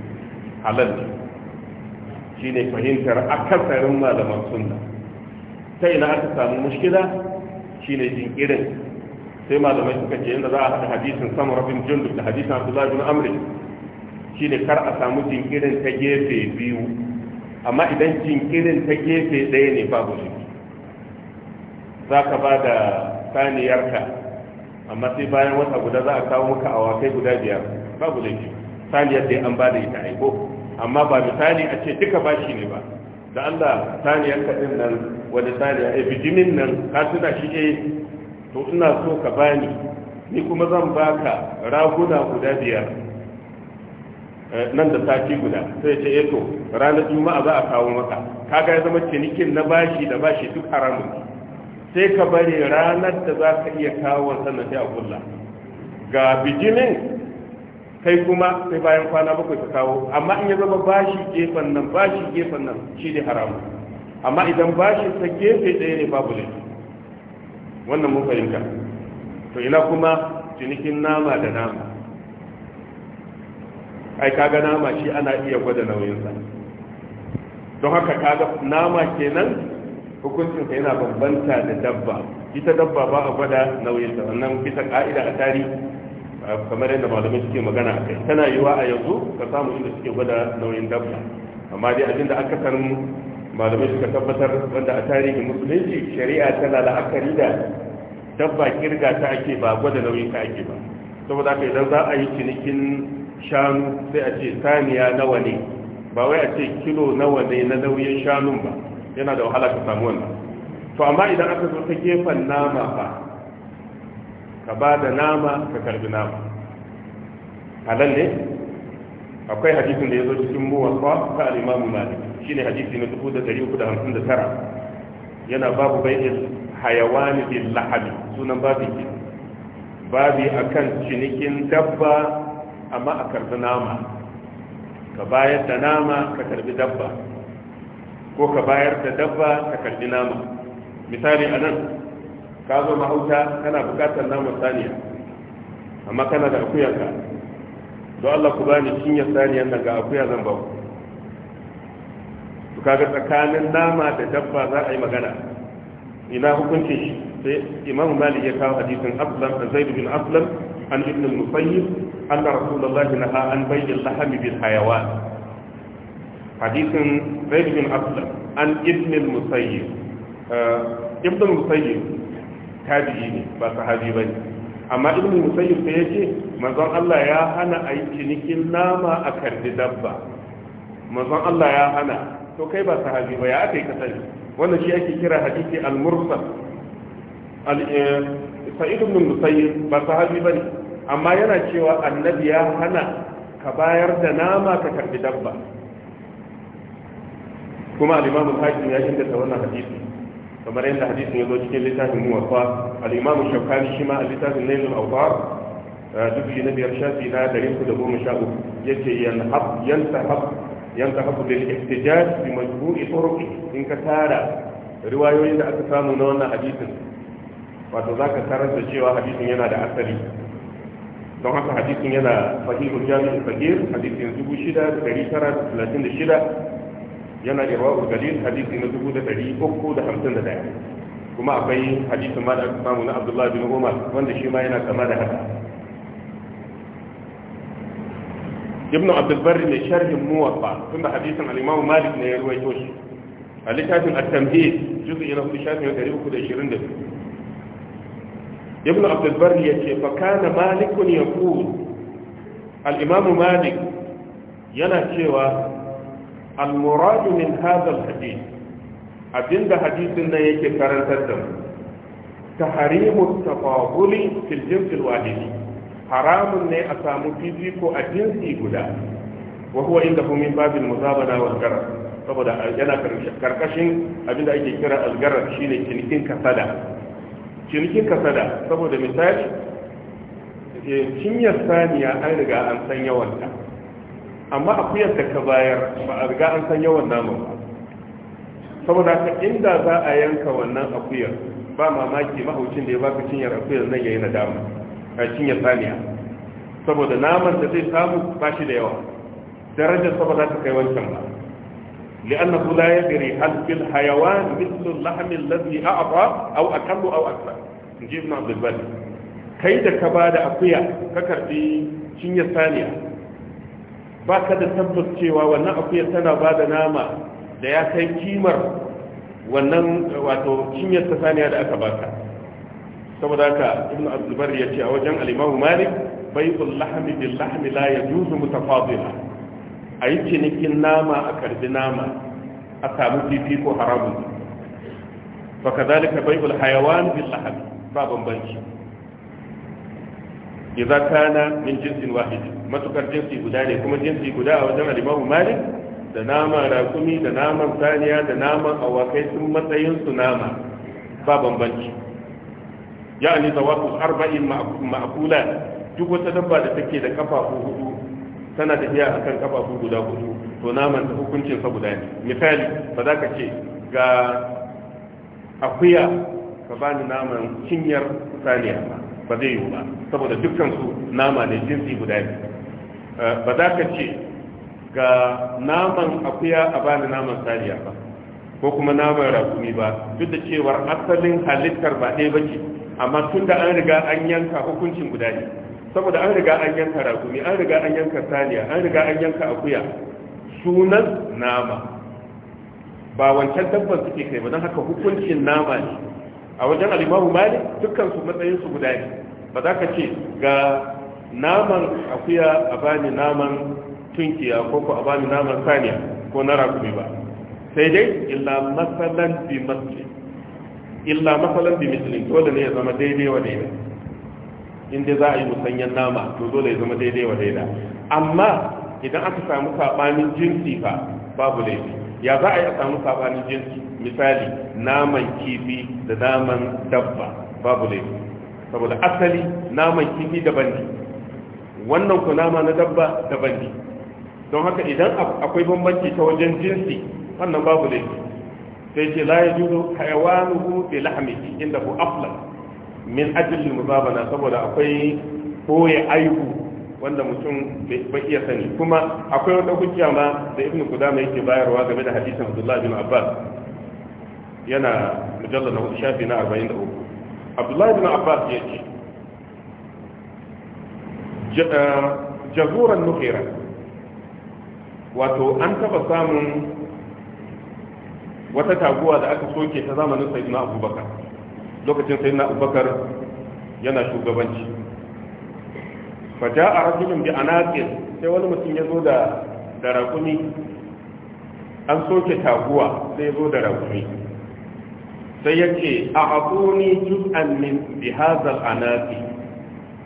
halal ne shi ne fahimtar akasarin malaman sunna ta ina aka samu mushkila shi ne jinkirin sai malamai suka ce yadda za a haɗa hadisin samun rabin jundu da hadisin abu bin amri shi ne kar a samu jinkirin ta gefe biyu amma idan jinkirin ta gefe ɗaya ne babu shi za ka ba da saniyarka amma sai bayan wata guda za a kawo maka wakai guda biyar babu ke misali yadda an ba da ita aiko amma ba misali a ce duka bashi ne ba da Allah saniyar kaɗin nan wani saniya a eh, bijimin nan ka tuna shi eh to ina so ka bani ni kuma zan baka raguna guda biyar eh, nan da sati guda sai ce eto eh, ranar juma'a za a kawo maka kaga ya zama cinikin na bashi da bashi duk haramun sai ka bari ranar da za ka iya kawo sanadi a kulla ga bijimin kai kuma sai bayan kwana bakwai ka kawo amma in ya zama bashi gefen nan bashi gefen nan shi ne haramu amma idan bashi ta gefe ɗaya ne babu ne wannan mun fahimta to ina kuma cinikin nama da nama ai kaga nama shi ana iya gwada nauyinsa don haka kaga nama kenan hukuncinsa yana bambanta da dabba ita dabba ba a gwada nauyinta wannan bisa ka'ida a tarihi kamar yadda malamai suke magana a kai tana yiwa a yanzu ka samu inda suke gwada nauyin dabba amma dai abinda aka san malamai suka tabbatar wanda a tarihin musulunci shari'a tana la'akari da dabba kirga ta ake ba gwada nauyin ka ake ba saboda haka idan za a yi cinikin shanu sai a ce saniya nawa ne ba wai a ce kilo nawa ne na nauyin shanun ba yana da wahala ka samu wannan to amma idan aka zo ta gefen nama fa ka ba da nama ka karbi nama halal ne akwai hadisin da ya zo cikin fa ta al-imam Shi shine hadisi na 1359 yana babu bai'il hayawani bil lahabi sunan babu ki babi akan cinikin dabba amma a karbi nama ka bayar da nama ka karbi dabba ko ka bayar da dabba ta kalli nama misali a nan ka zo mahauta kana bukatar naman saniya amma kana da akuyarka don Allah ku bani cinyar saniya nan ga akuya zan ba ku kaga tsakanin nama da dabba za a yi magana ina hukuncin shi sai imamu malik ya kawo hadisin aslam an zaid bin aslam an ibn al-musayyib anna rasulullahi naha an bayyin lahami bil hayawan hadisin zaid bin aslam an ibn al-musayyib ibn al-musayyib tabi'i ne ba sahabi amma ibn al-musayyib sai yace manzon Allah ya hana a yi cinikin nama a karbi dabba manzon Allah ya hana to kai ba sahabi ba ya aka yi kasari wannan shi ake kira hadisi al-mursal sa'id ibn musayyib ba sahabi bane amma yana cewa annabi ya hana ka bayar da nama ka karɓi dabba kuma al-imamu hakim ya inganta wannan hadisi kamar yadda hadisin ya zo cikin littafin muwaffa al-imamu shaukani shi ma a littafin nailul awfar duk na biyar shafi na dari da goma sha uku yace yanhab yantahab yantahab lil ihtijaj bi majmu'i turuqi in ka tara riwayoyin da aka samu na wannan hadisin wato zaka tarar da cewa hadisin yana da asali don haka hadisin yana fahimul jami'in fagir hadisin dubu shida da dari tara da talatin da shida yana irwa'ul galil hadisi na dubu 351 kuma akwai hadisin ma da aka samu na abdullahi bin umar wanda shi ma yana kama da haka ibnu abdulbar ne sharhin muwaffa tunda hadisin al malik ne ya ruwaito shi a littafin at-tamhid juz'i na 4 shafin 322 ibnu abdulbar ya ce fa kana malikun ya al-imamu malik yana cewa al-muradu min hadha hadith abinda hadithin nan yake karantar da mu ta tafaduli fil jins al-wahid haramun ne a samu fifiko a jinsi guda wa huwa indahu min babin muzabana wal garar saboda yana karkashin abinda ake kira al-garar shine cinikin kasada cinikin kasada saboda misali cinyar saniya an riga an san yawanta amma akuyar da ka bayar ba a riga an san yawan naman ba saboda ka inda za a yanka wannan akuyar ba mamaki mahaucin da ya baka cinyar akuyar nan yayi nadama a cinyar saniya saboda naman da zai samu ba shi da yawa darajar saboda ta kai wancan ba لأنه لا يدري هل في hayawan مثل اللحم الذي أعطى أو أكل أو أكثر نجيب ابن عبد البر kai da ka ba da akuya ka karbi cinya saniya ba ka da tabbas cewa wannan akuya tana ba da nama da ya kai kimar wannan wato cinyar ta saniya da aka baka saboda haka ibnu abdulbar ya ce a wajen alimahu malik baitul lahmi bil lahmi la mu mutafadila a yi cinikin nama a karbi nama a samu fifi ko haramun fa kadhalika baitul hayawan bin lahmi ba bambanci idza kana min jinsin wahid matukar jinsi guda ne kuma jinsi guda a wajen al malik da naman rakumi da naman saniya da naman awakai sun matsayin su nama ba bambanci ya'ani zawatu arba'in ma'kula duk wata dabba da take da kafafu hudu tana da iya akan kafafu guda hudu to naman ta hukuncin sa guda ne misali ba za ka ce ga akuya ka bani naman cinyar saniya ba ba zai yiwu ba saboda dukkan su nama ne jinsi guda biyu eh, ba za ka ce ga naman akuya a bani naman sariya ba ko kuma naman rakumi ba duk da cewar asalin halittar ba ɗaya ba ce amma tun da an riga an yanka hukuncin guda ne saboda an riga an yanka rakumi an riga an yanka sariya an riga an yanka akuya sunan nama ba wancan dabban suke kai ba don haka hukuncin nama ne a wajen alimamu malik dukkan su matsayin su guda ne ba za ka ce ga naman akuya a bani naman tunkiya ko ko a bani naman saniya ko na rakumi ba sai dai illa masalan bi masjid illa masalan bi mislin dole ne ya zama daidai wa daidai in dai za a yi musanyen nama to dole ya zama daidai wa daidai amma idan aka samu sabanin jinsi fa babu laifi ya za a yi a samu sabanin jinsi misali naman kifi da naman dabba babu laifi saboda asali naman kifi daban ne wannan ku nama na dabba daban ne don haka idan akwai bambanci ta wajen jinsi wannan babu laifi sai ce la yajuzu hayawanuhu bi lahmihi inda ku afla min ajli muzabana saboda akwai koya aihu wanda mutum bai iya sani kuma akwai wata hujja ma da ibnu kudama yake bayarwa game da hadisin abdullahi bin abbas yana mujallar na shafi na 43 abdullahi bin abbas ya ce eh, jagoran nukera wato an taba samun wata taguwa da aka soke ta zamanin na abubakar lokacin na abubakar yana shugabanci faja a rajulun bi anaqil sai wani mutum ya zo da da rakumi an soke taguwa sai ya zo da rakumi sai yake a akuni juz'an min bi hazal anafi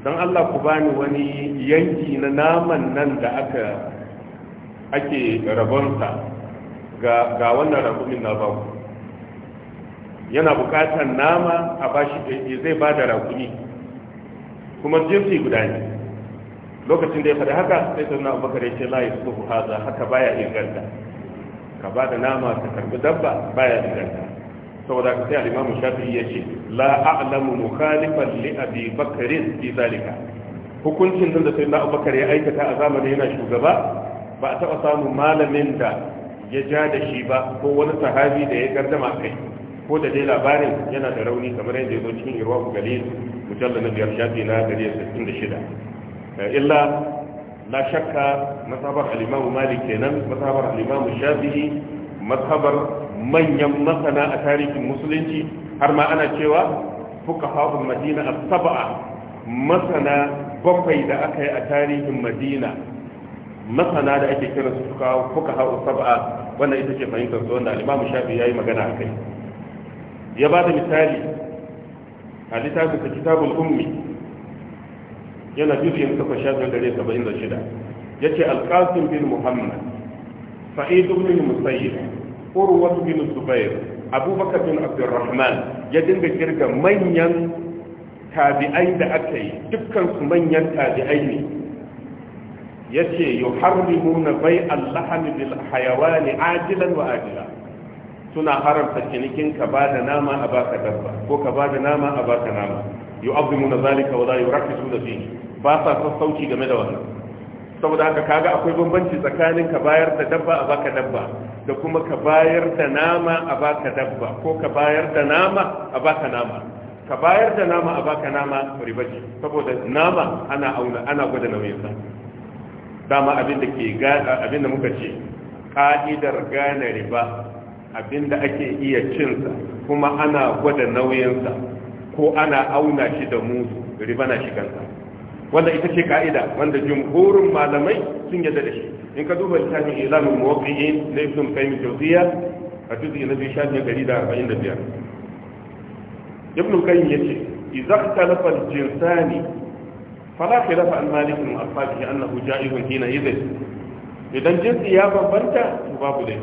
dan Allah ku bani wani yanki na naman nan da aka ake rabonsa ga ga wannan rakumin na baku yana bukatar nama a bashi eh, zai ba da rakumi kuma jinsi guda ne lokacin da ya faɗi haka sai sai na abubakar ya ce la haka baya inganta ka ba da nama ka karbi dabba baya inganta saboda ka sai al-imam shafi'i yace la a'lamu mukhalifan li abi bakr fi zalika hukuncin da sai na abubakar ya aikata a zamanin yana shugaba ba a taba samun malamin da ya ja da shi ba ko wani sahabi da ya gardama kai ko da dai labarin yana da rauni kamar yadda ya zo cikin irwaku galil mujalla na biyar shafi na gari ya sittin da shida eh, illa la shakka masabar alimamu malik kenan masabar alimamu shafi'i masabar manyan masana a tarihin musulunci har ma ana cewa fuka fuqaha'ul madina as-sab'a masana bakwai da aka yi a tarihin madina masana da ake kira su fuka fuqaha'ul sab'a wannan ita ce fahimtar su wanda alimamu shafi ya yi magana a kai. ya ba da misali a littafin kitabul ummi yana juz'in 8 shafin shida, ya ce qasim bin Muhammad Sa'id ibn Musayyib urwatu bin zubair abubakar bin abdurrahman ya dinga kirga manyan tabi'ai da aka yi dukkan su manyan tabi'ai ne ya ce yuharrimuna bai allahami bil hayawani ajilan wa ajila suna haramta cinikin ka ba da nama a baka dabba ko ka ba da nama a baka nama na zalika wa la yurakkisu da fihi ba sa sassauci game da wannan saboda haka kaga akwai bambanci tsakanin ka bayar da dabba a baka dabba da kuma ka bayar da nama a baka dabba ko ka bayar da nama a baka nama ka bayar da nama a baka nama riba ce saboda nama ana auna ana gwada sa dama abin da ke abin da muka ce ka'idar gane riba abin da ake iya cin sa kuma ana gwada nauyin sa ko ana auna shi da mutu riba na kansa wanda ita ce ka'ida wanda jumhurin malamai sun yadda da shi in ka duba littafin ilamin muwaqqi'in na ibn qayyim jawziya a juz'i na biyu shafin gari da arba'in da biyar ibn qayyim yace idza ikhtalafa al-jinsani fala khilafa an malik min ashabihi annahu ja'izun hina idhin idan jinsi ya bambanta to babu da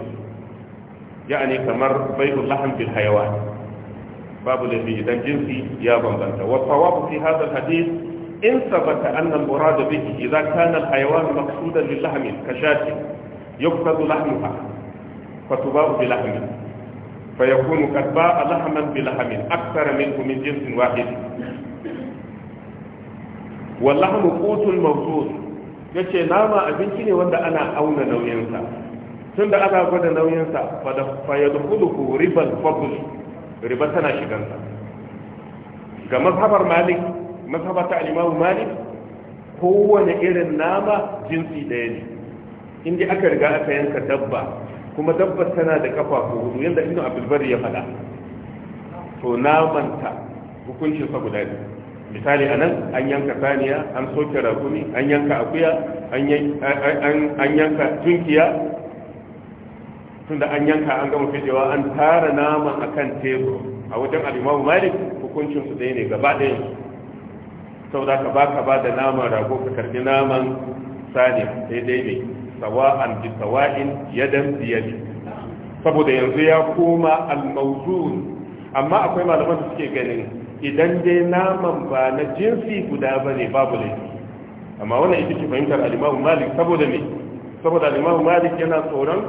yani kamar bai'ul lahm bil hayawan babu da idan jinsi ya bambanta wa sawabu fi hadha al-hadith in sabata annal muradu bihi idza kana al-hayawan maqsudan lil lahmi kashati yuqtadu lahmuha fatuba'u bi lahmi fayakunu qad ba'a lahman bi lahmin akthara minhu min jinsin yace nama abinci ne wanda ana auna nauyinsa tunda ana gwada nauyinsa fa yadkhuluhu ribal fadl riba tana shigansa ga mazhabar malik masaba ta imam malik kowane irin nama jinsi ɗaya ne inda aka riga aka yanka dabba kuma dabba tana da kafa ko hudu yanda ibn abdulbar ya faɗa to namanta hukuncin sa guda biyu misali anan, an yanka saniya an soke rakumi an yanka akuya an yanka tunkiya tunda an yanka an gama fitewa an tara naman akan tebur a wajen al-imam malik hukuncin su ɗaya ne gaba ɗaya saboda ka ka ba da naman rago ka karbi naman sani daidai ne sawa'an bi sawa'in yadan bi yadi saboda yanzu ya koma al-mawzun amma akwai malaman da suke ganin idan dai naman ba na jinsi guda bane babu laifi amma wannan ita ce fahimtar al-Imam Malik saboda ne. saboda al-Imam Malik yana tsoron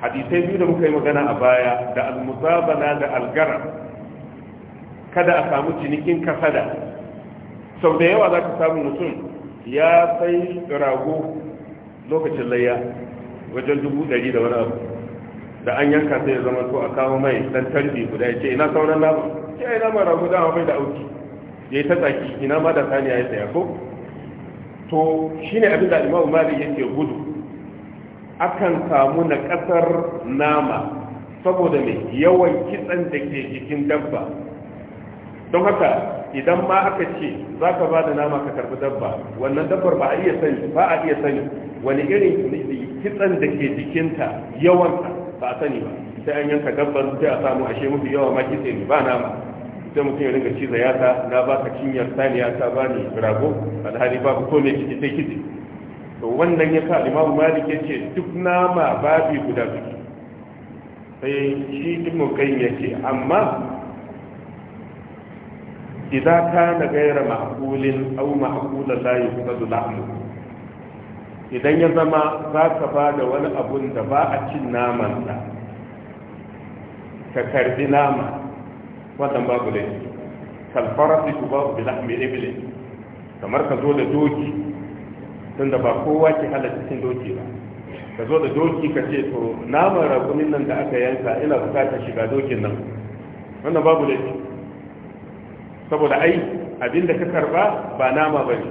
hadisai biyu da muka yi magana a baya da al-muzabana da al-gara kada a samu cinikin kasada sau da yawa za ka samu mutum ya sai rago lokacin layya wajen dubu ɗari da wani abu da an yanka sai ya zama to a kawo mai dan tarbi guda ya ce ina sauran nama ce ina ma rago dama bai da auki ya yi ta tsaki ina ma da saniya ya saya ko to shi ne abin da imamu mali yake gudu akan samu na ƙasar nama saboda mai yawan kitsan da ke jikin dabba don haka idan ma aka ce za ka ba da nama ka karbi dabba wannan dabbar ba a iya sani ba a iya sani wani irin kitsan da ke jikinta yawanta ba a sani ba sai an yanka dabbar sai a samu ashe mafi yawa ma kitse ne ba nama sai mutum ya ringa ciza yata na ba ka cinyar saniya ta ba ni rago alhali ba ko mai ciki sai kitse to wannan ya sa imam malik ya ce duk nama babi guda suke sai shi mun kai ya ce amma idan kana gaira ma'qulin aw layi la da la'amu? idan ya zama za ka ba da wani abun da ba a cin naman ta ka karbi nama wannan babu laifi kalfarasi ku babu bi lahmi ibli kamar ka zo da doki tunda ba kowa ke halatta cin doki ba ka zo da doki ka ce to naman rakumin nan da aka yanka ina bukatar shiga dokin nan wannan babu laifi saboda ai abinda ka karba ba nama bane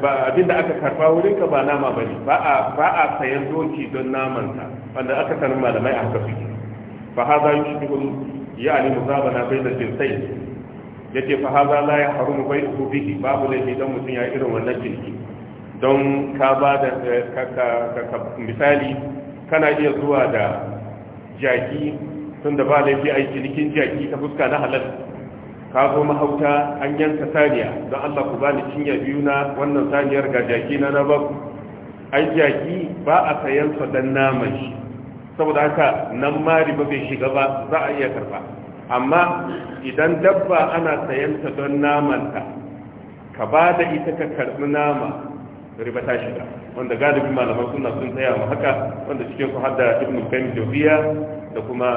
ba abinda aka karba wurin ka ba nama bane ba a ba a sayan doki don naman ta wanda aka san malamai a haka suke fa hada yushbihu ya'ni muzabana bayna jinsai yace fa hada la yahrumu bay'uhu bihi babu laifi idan mutun ya irin wannan jinki don ka ba da eh, misali kana iya zuwa da jaki tun da ba laifi a likin cinikin jaki ta fuska na halal ka zo mahauta an yanka saniya don Allah ku bani cinya biyu na wannan saniyar ga jaki na na baku ai jaki ba a sayan sa dan naman shi saboda haka nan ma riba bai shiga ba za a iya karba amma idan dabba ana sayan don naman ta ka ba da ita ka karbi nama riba ta shiga wanda galibin malaman suna sun tsaya mu haka wanda cikin su hadda ibnu qayyim da kuma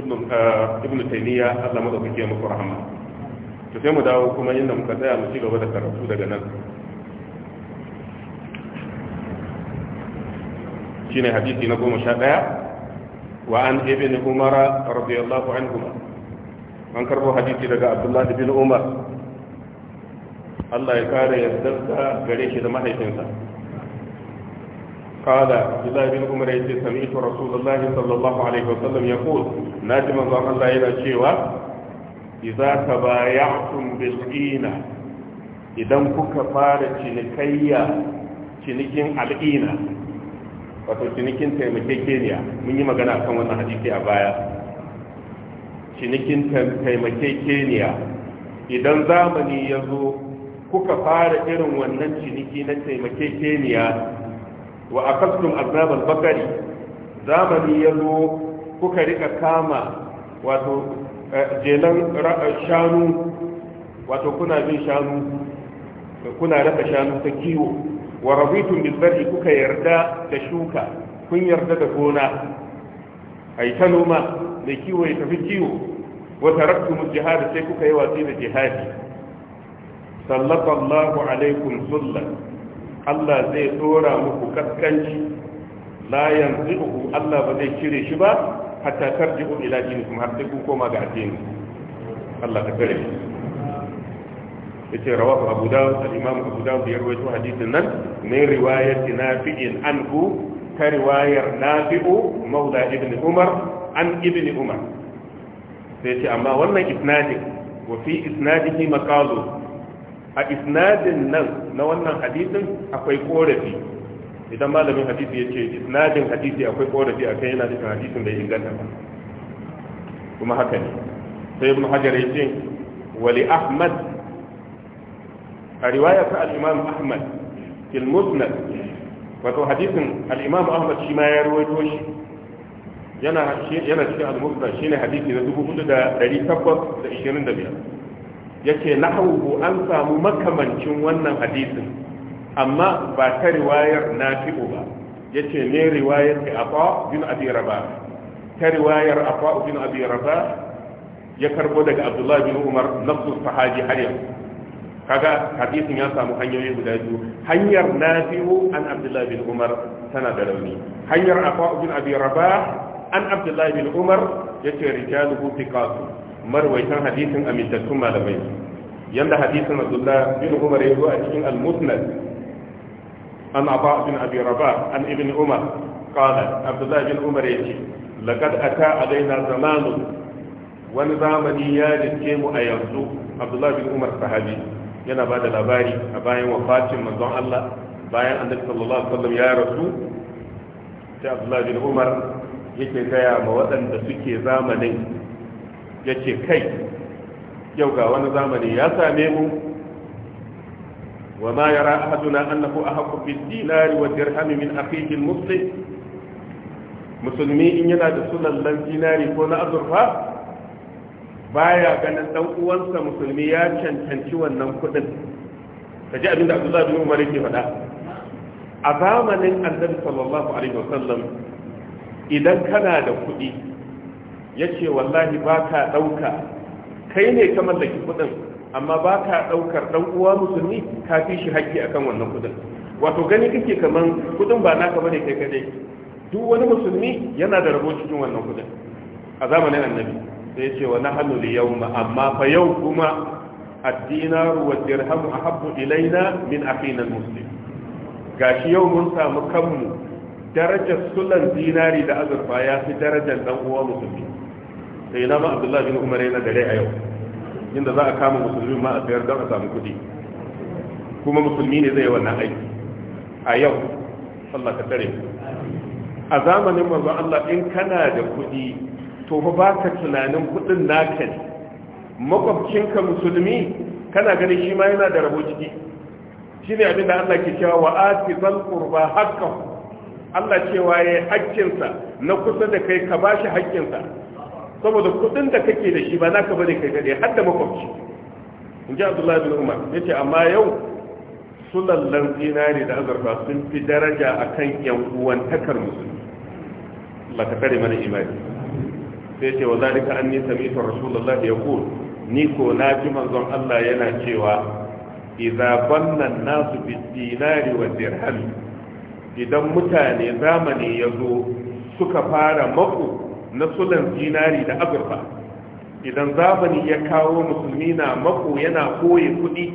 ibnu eh, taimiyya Allah madaukake muku rahama to sai mu dawo kuma inda muka tsaya mu ci gaba da karatu daga nan shine hadisi na 11 wa an ibn umar radiyallahu anhu an karbo hadisi daga abdullah ibn umar Allah ya kare yadda gare shi da mahaifinsa قال عبد الله بن عمر يجي سمعت رسول الله صلى الله عليه وسلم يقول ناجم الله الله إلى شيوا إذا تبايعتم بالقينة إذا كوكا فارة شنكية شنكين القينة wato cinikin taimakekeniya mun yi magana kan wannan hadisi a baya cinikin taimakekeniya idan zamani ya zo kuka fara irin wannan ciniki na taimakekeniya wa akastum azab al-bakari zamani ya zo kuka rika kama wato eh, jelan eh, shanu wato kuna bin shanu kuna raka shanu ta kiwo wa rabitun bilbari kuka yarda da shuka kun yarda da gona yi ta noma mai kiwo ya tafi kiwo wa mu jihad sai kuka yi watsi da jihadi sallallahu alaikum sallam Allah zai dora muku kaskanci la yanzu Allah ba zai cire shi ba hatta ku ila kuma har sai ku koma ga addini Allah ta kare yace rawahu Abu Dawud al-Imam Abu Dawud ya rawaito hadithin nan ne riwayat Nafi'in anhu ta riwayar Nafi'u Mawla ibn Umar an ibn Umar sai ce amma wannan isnadin wa fi isnadihi maqalu a isnadin nan na wannan hadisin akwai korafi idan malamin hadisi ya ce isnadin hadisi akwai korafi a kai yana nufin hadisin da ya inganta ba kuma haka ne sai ibn hajar ya ce wali ahmad a riwaya ta al-imam ahmad fil musnad wato hadisin al-imam ahmad shi ma ya ruwaito shi yana yana cikin al-musnad shine hadisi na 4825 yake nahawuhu an samu makamancin wannan hadisin amma ba ta riwayar fi'u ba yace ne riwayar ke afa bin abi rabah ta riwayar afa bin abi rabah ya karbo daga abdullahi bin umar nafsu sahabi har yanzu kaga hadisin ya samu hanyoyi guda biyu hanyar na fi'u an abdullahi bin umar tana da rauni hanyar afa bin abi rabah an abdullahi bin umar yace rijaluhu thiqatu marwaitan hadisin amintattun malamai yanda hadisin abdullah bin umar ya zo a cikin al-musnad an aba bin abi rabah an ibn umar qala abdullah bin umar yace laqad ata alaina zamanu wani zamani ya riske mu a yanzu abdullah bin umar sahabi yana ba da labari a bayan wafatin manzon Allah bayan annabi sallallahu alaihi wasallam ya rasu sai abdullah bin umar yake gaya ma waɗanda suke zamanin ya ce kai yau ga wani zamani ya same mu wa ma yara ahaduna annahu ahaqqu bid dinari wa dirhami min akhihi al musulmi in yana da sunan sulallan dinari ko na azurfa baya ganin dan uwansa musulmi ya cancanci wannan kudin kaji abinda Abdullah bin Umar yake faɗa a zamanin Annabi sallallahu alaihi wasallam idan kana da kuɗi ya ce wallahi ba ka ɗauka kai ne ka mallaki kuɗin amma ba ka ɗaukar ɗan uwa musulmi ka fi shi hakki akan wannan kuɗin wato gani kake kaman kuɗin ba naka bane kai kadai duk wani musulmi yana da rabo cikin wannan kuɗin a zamanin annabi sai ya ce wa nahnu li yawma amma fa yau kuma ad-dinar wa dirham ahabbu ilaina min akhina muslim gashi yau mun samu kanmu darajar sulan dinari da azurfa ya fi darajar dan uwa musulmi sai eh, ina ma abdullahi bin umar yana gare a yau inda za a kama musulmi ma a sayar don a samu kuɗi kuma musulmi ne zai wannan aiki a yau Allah ka tare a zamanin manzo Allah in kana da kuɗi to fa baka tunanin kuɗin naka ne makwabcinka musulmi kana ganin shi ma yana da rabo ciki shi abin da Allah ke cewa wa ati zal qurba haqqahu Allah cewa yi haƙƙinsa na kusa da kai ka bashi haƙƙinsa saboda kudin da kake da shi ba ka bane kai kade har da makwabci in ji abdullahi bin umar ya ce amma yau sulallan zinari da azurfa sun fi daraja a kan yan uwantakar musulmi Allah kare mana imani sai ce wa zalika an nisa mita rasulullah ya ku ni ko na ji manzon Allah yana cewa idza banna nasu bi dinari wa dirham idan mutane zamani ya zo suka fara maku na sulan zinari da azurfa idan zamani ya kawo musulmi na mako yana koye kudi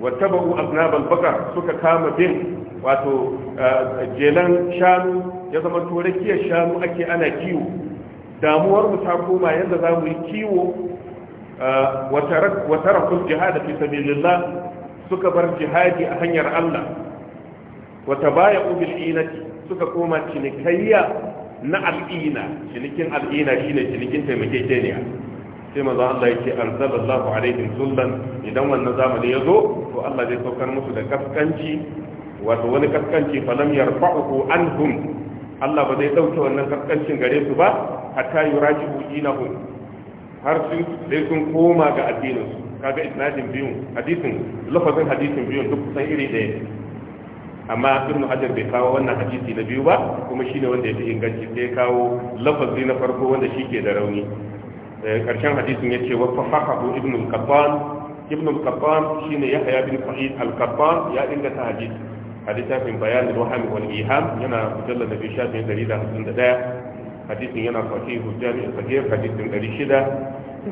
wata ba'u aznabal bakar suka kama bin wato eh, jelan shanu ya zama turakiyar shanu ake ana kiwo damuwar mu ta koma yadda za mu yi kiwo eh, wata rakun jihada fi sabilillah suka bar jihadi a hanyar allah wata baya ubil inati suka koma cinikayya na al'ina cinikin al'ina shine cinikin taimakekeniya sai maza Allah yake arzalallahu alaihim zullan idan wannan zamani ya zo to Allah zai saukar musu da kaskanci wato wani kaskanci falam an anhum Allah ba zai ɗauke wannan kaskancin gare su ba hatta yuraji'u dinahum har sun sai sun koma ga addininsu kaga isnadin biyun hadisin lafazin hadisin biyun duk kusan iri ɗaya amma ibnu hajar bai kawo wannan hadisi na biyu ba kuma shine wanda ya fi inganci sai ya kawo lafazi na farko wanda shi ke da rauni karshen eh, hadisin ya ce fa fafahu ibnu al-qattan ibnu al-qattan shine yahya bin qa'id al-qattan ya inganta hadisi bin bayan al-wahmi wal iham yana da nabi shafin dalila hadisin yana sahih jami'ul sahih hadisin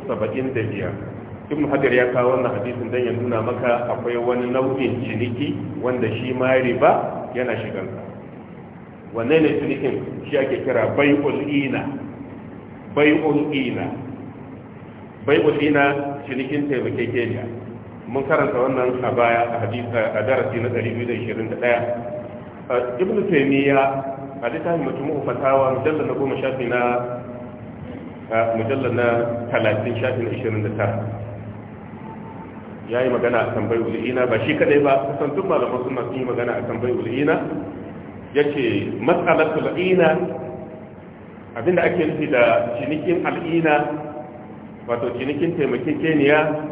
675 ibn hajar ya kawo wannan hadisin dan ya nuna maka akwai wani nau'in ciniki wanda shi ma riba yana shigansa wannan ne cinikin shi ake kira bai'ul ina bai'ul ina bai'ul ina cinikin Kenya. mun karanta wannan a baya a hadisi a darasi na 221 uh, ibn taymiya a littafin mutum fatawa mujallal na goma shafi na uh, mujallal na 30 shafi na 29 ya yi magana a tambayi wuli'ina ba shi kadai ba kusantun duk malaman sunna sun yi magana a tambayi wuli'ina ya yace matsalar tul'ina abinda ake nufi da cinikin al'ina wato cinikin keniya,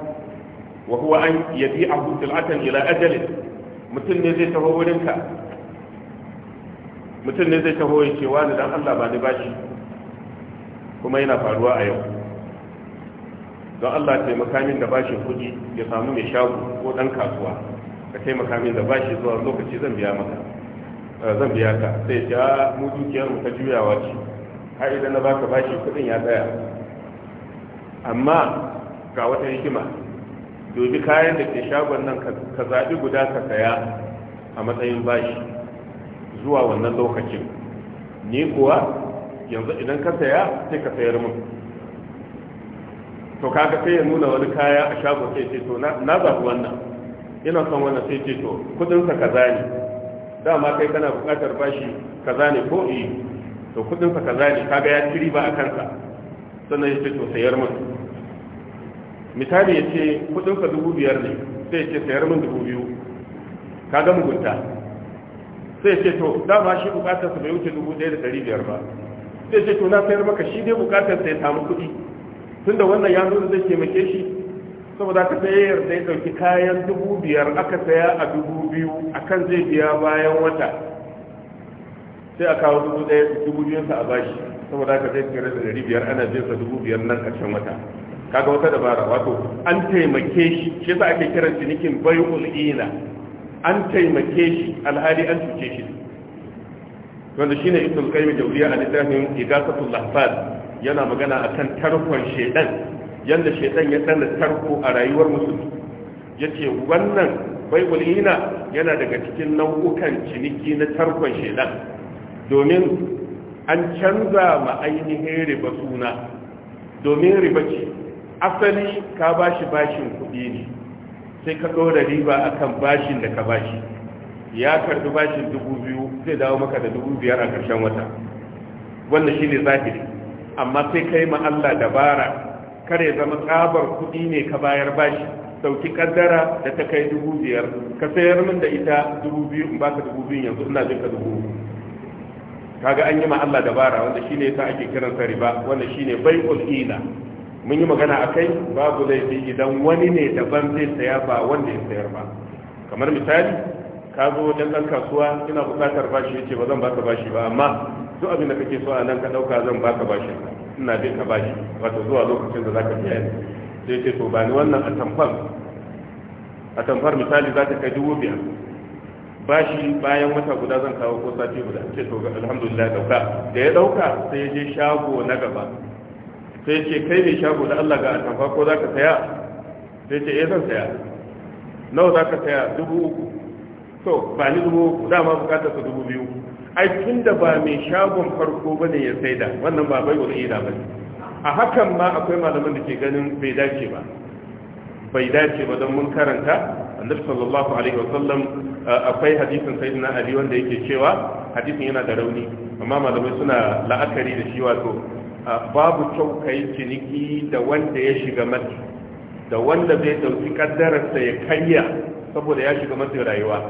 wa huwa an yadi a hutilatan ila ajali mutum ne zai taho wurinka mutum ne zai taho ya ce wani dan Allah ba ni bashi kuma yana faruwa a yau don Allah taimaka min da bashin kuɗi ya samu mai shago ko ɗan kasuwa ka taimaka min da bashi zuwa lokaci zan biya maka eh, zan biya ka sai ja ah, mu dukiyar mu ta juyawa ce har idan na baka bashi kuɗin ya tsaya amma ga wata hikima dubi kayan da ke shagon nan ka zaɓi guda ka saya a matsayin bashi zuwa wannan lokacin ni kuwa yanzu idan ka saya sai ka sayar mun to kaga sai ya nuna wani kaya a shago sai ce to na zaɓi wannan ina son wannan sai ce to kudinsa kaza ne dama kai kana buƙatar bashi kaza ne ko eh to kudinsa kaza ne kaga ya ci riba a kansa sannan ya ce to sayar min misali ya ce kudinsa dubu biyar ne sai ya ce sayar min dubu biyu kaga mugunta sai ya ce to dama shi bukatar sa bai wuce dubu ɗaya da ɗari biyar ba sai ce to na sayar maka shi dai bukatar sa ya samu kuɗi da wannan ya nuna zai taimake shi saboda ka sai yarda ya ɗauki kayan dubu biyar aka saya a dubu biyu a kan zai biya bayan wata sai a kawo dubu ɗaya dubu biyun sa a bashi saboda ka zai tsere da ɗari biyar ana jin sa dubu biyar nan ƙarshen wata kaga wata dabara wato an taimake shi shi yasa ake kiran cinikin bai'ul Ul’ina. an taimake shi alhali an cuce shi wanda shine ibn qayyim jawziya a littafin igasatul lahfad yana magana a kan tarkon shaidan yadda shaiɗan ya tsanar tarko a rayuwar musulmi ce wannan baibul yana daga cikin nau'ukan ciniki na tarkon shaidan domin an canza ma ainihin riba suna domin riba ce asali ka bashi bashin kuɗi ne sai ka ɗora riba akan bashin da ka bashi ya karbi bashin dubu biyu zai dawo maka da dubu biyar a ƙarshen wata wannan shine zahiri amma sai kai ma Allah dabara kare zama tsabar kuɗi ne ka bayar bashi sauki kaddara da ta kai dubu biyar ka sayar min da ita dubu biyu in baka dubu biyu yanzu ina jin ka dubu kaga an yi ma Allah dabara wanda shine yasa ake kiran sa riba wanda shine bai'ul ila mun yi magana akai babu laifi idan wani ne daban zai saya ba wanda ya sayar ba kamar misali ka zo wajen ɗan kasuwa ina buƙatar bashi yace ba zan baka bashi ba amma duk abin da kake so a nan ka ɗauka zan baka bashi ina bin ka bashi wato zuwa lokacin da zaka biya ni sai ce to ba ni wannan a tamfar a tamfar misali za ta kai dubu biyar bashi bayan wata guda zan kawo ko sati guda ce to alhamdulillah dauka da ya dauka sai ya je shago na gaba sai ce kai ne shago da Allah ga atamfa ko za ka saya sai ce eh zan saya nawa za ka saya dubu uku to ba ni dubu dama bukatar su dubu biyu ai tun da ba mai shagon farko ba ne ya saida wannan ba bai wani ida ba a hakan ma akwai malaman da ke ganin bai dace ba bai dace ba don mun karanta annabi sallallahu alaihi wasallam uh, akwai hadisin na ali wanda yake cewa hadisin yana da rauni amma malamai suna la'akari da shi wato uh, babu kyau kai ciniki da wanda ya shiga mata da wanda bai dauki kaddararsa ya karya saboda ya shiga mata rayuwa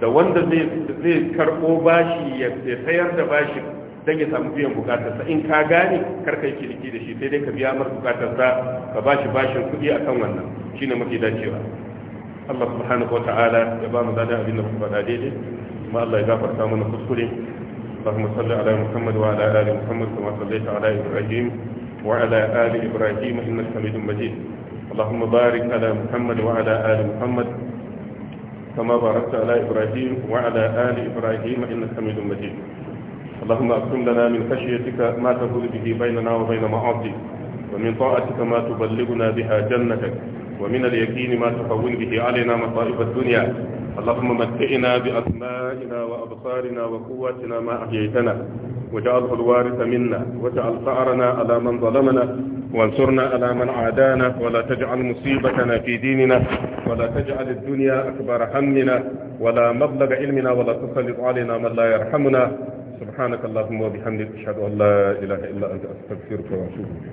da wanda zai karɓo bashi ya sayar da bashi don ya samu biyan bukatarsa in ka gane karka yi ciniki da shi sai dai ka biya mar bukatarsa ka bashi bashin kuɗi a kan wannan shi ne mafi dacewa Allah subhanahu wa ta'ala ya ba mu zaɗin abin da kuma faɗa daidai kuma Allah ya gafarta mana kuskure اللهم صل على محمد وعلى آل محمد ala Ibrahim wa ala ali Ibrahim. إبراهيم إنك majid Allahumma barik ala Muhammad wa ala ali Muhammad كما باركت على إبراهيم وعلى آل إبراهيم إنك حميد مجيد اللهم أقسم لنا من خشيتك ما تفوز به بيننا وبين معاصيك ومن طاعتك ما تبلغنا بها جنتك ومن اليقين ما تهون به علينا مصائب الدنيا اللهم متئنا بأسمائنا وأبصارنا وقواتنا ما أحييتنا وجعله الوارث منا وجعل ثأرنا على من ظلمنا وانصرنا على من عادانا ولا تجعل مصيبتنا في ديننا ولا تجعل الدنيا أكبر همنا ولا مبلغ علمنا ولا تسلط علينا من لا يرحمنا سبحانك اللهم وبحمدك أشهد أن لا إله إلا أنت أستغفرك وأتوب إليك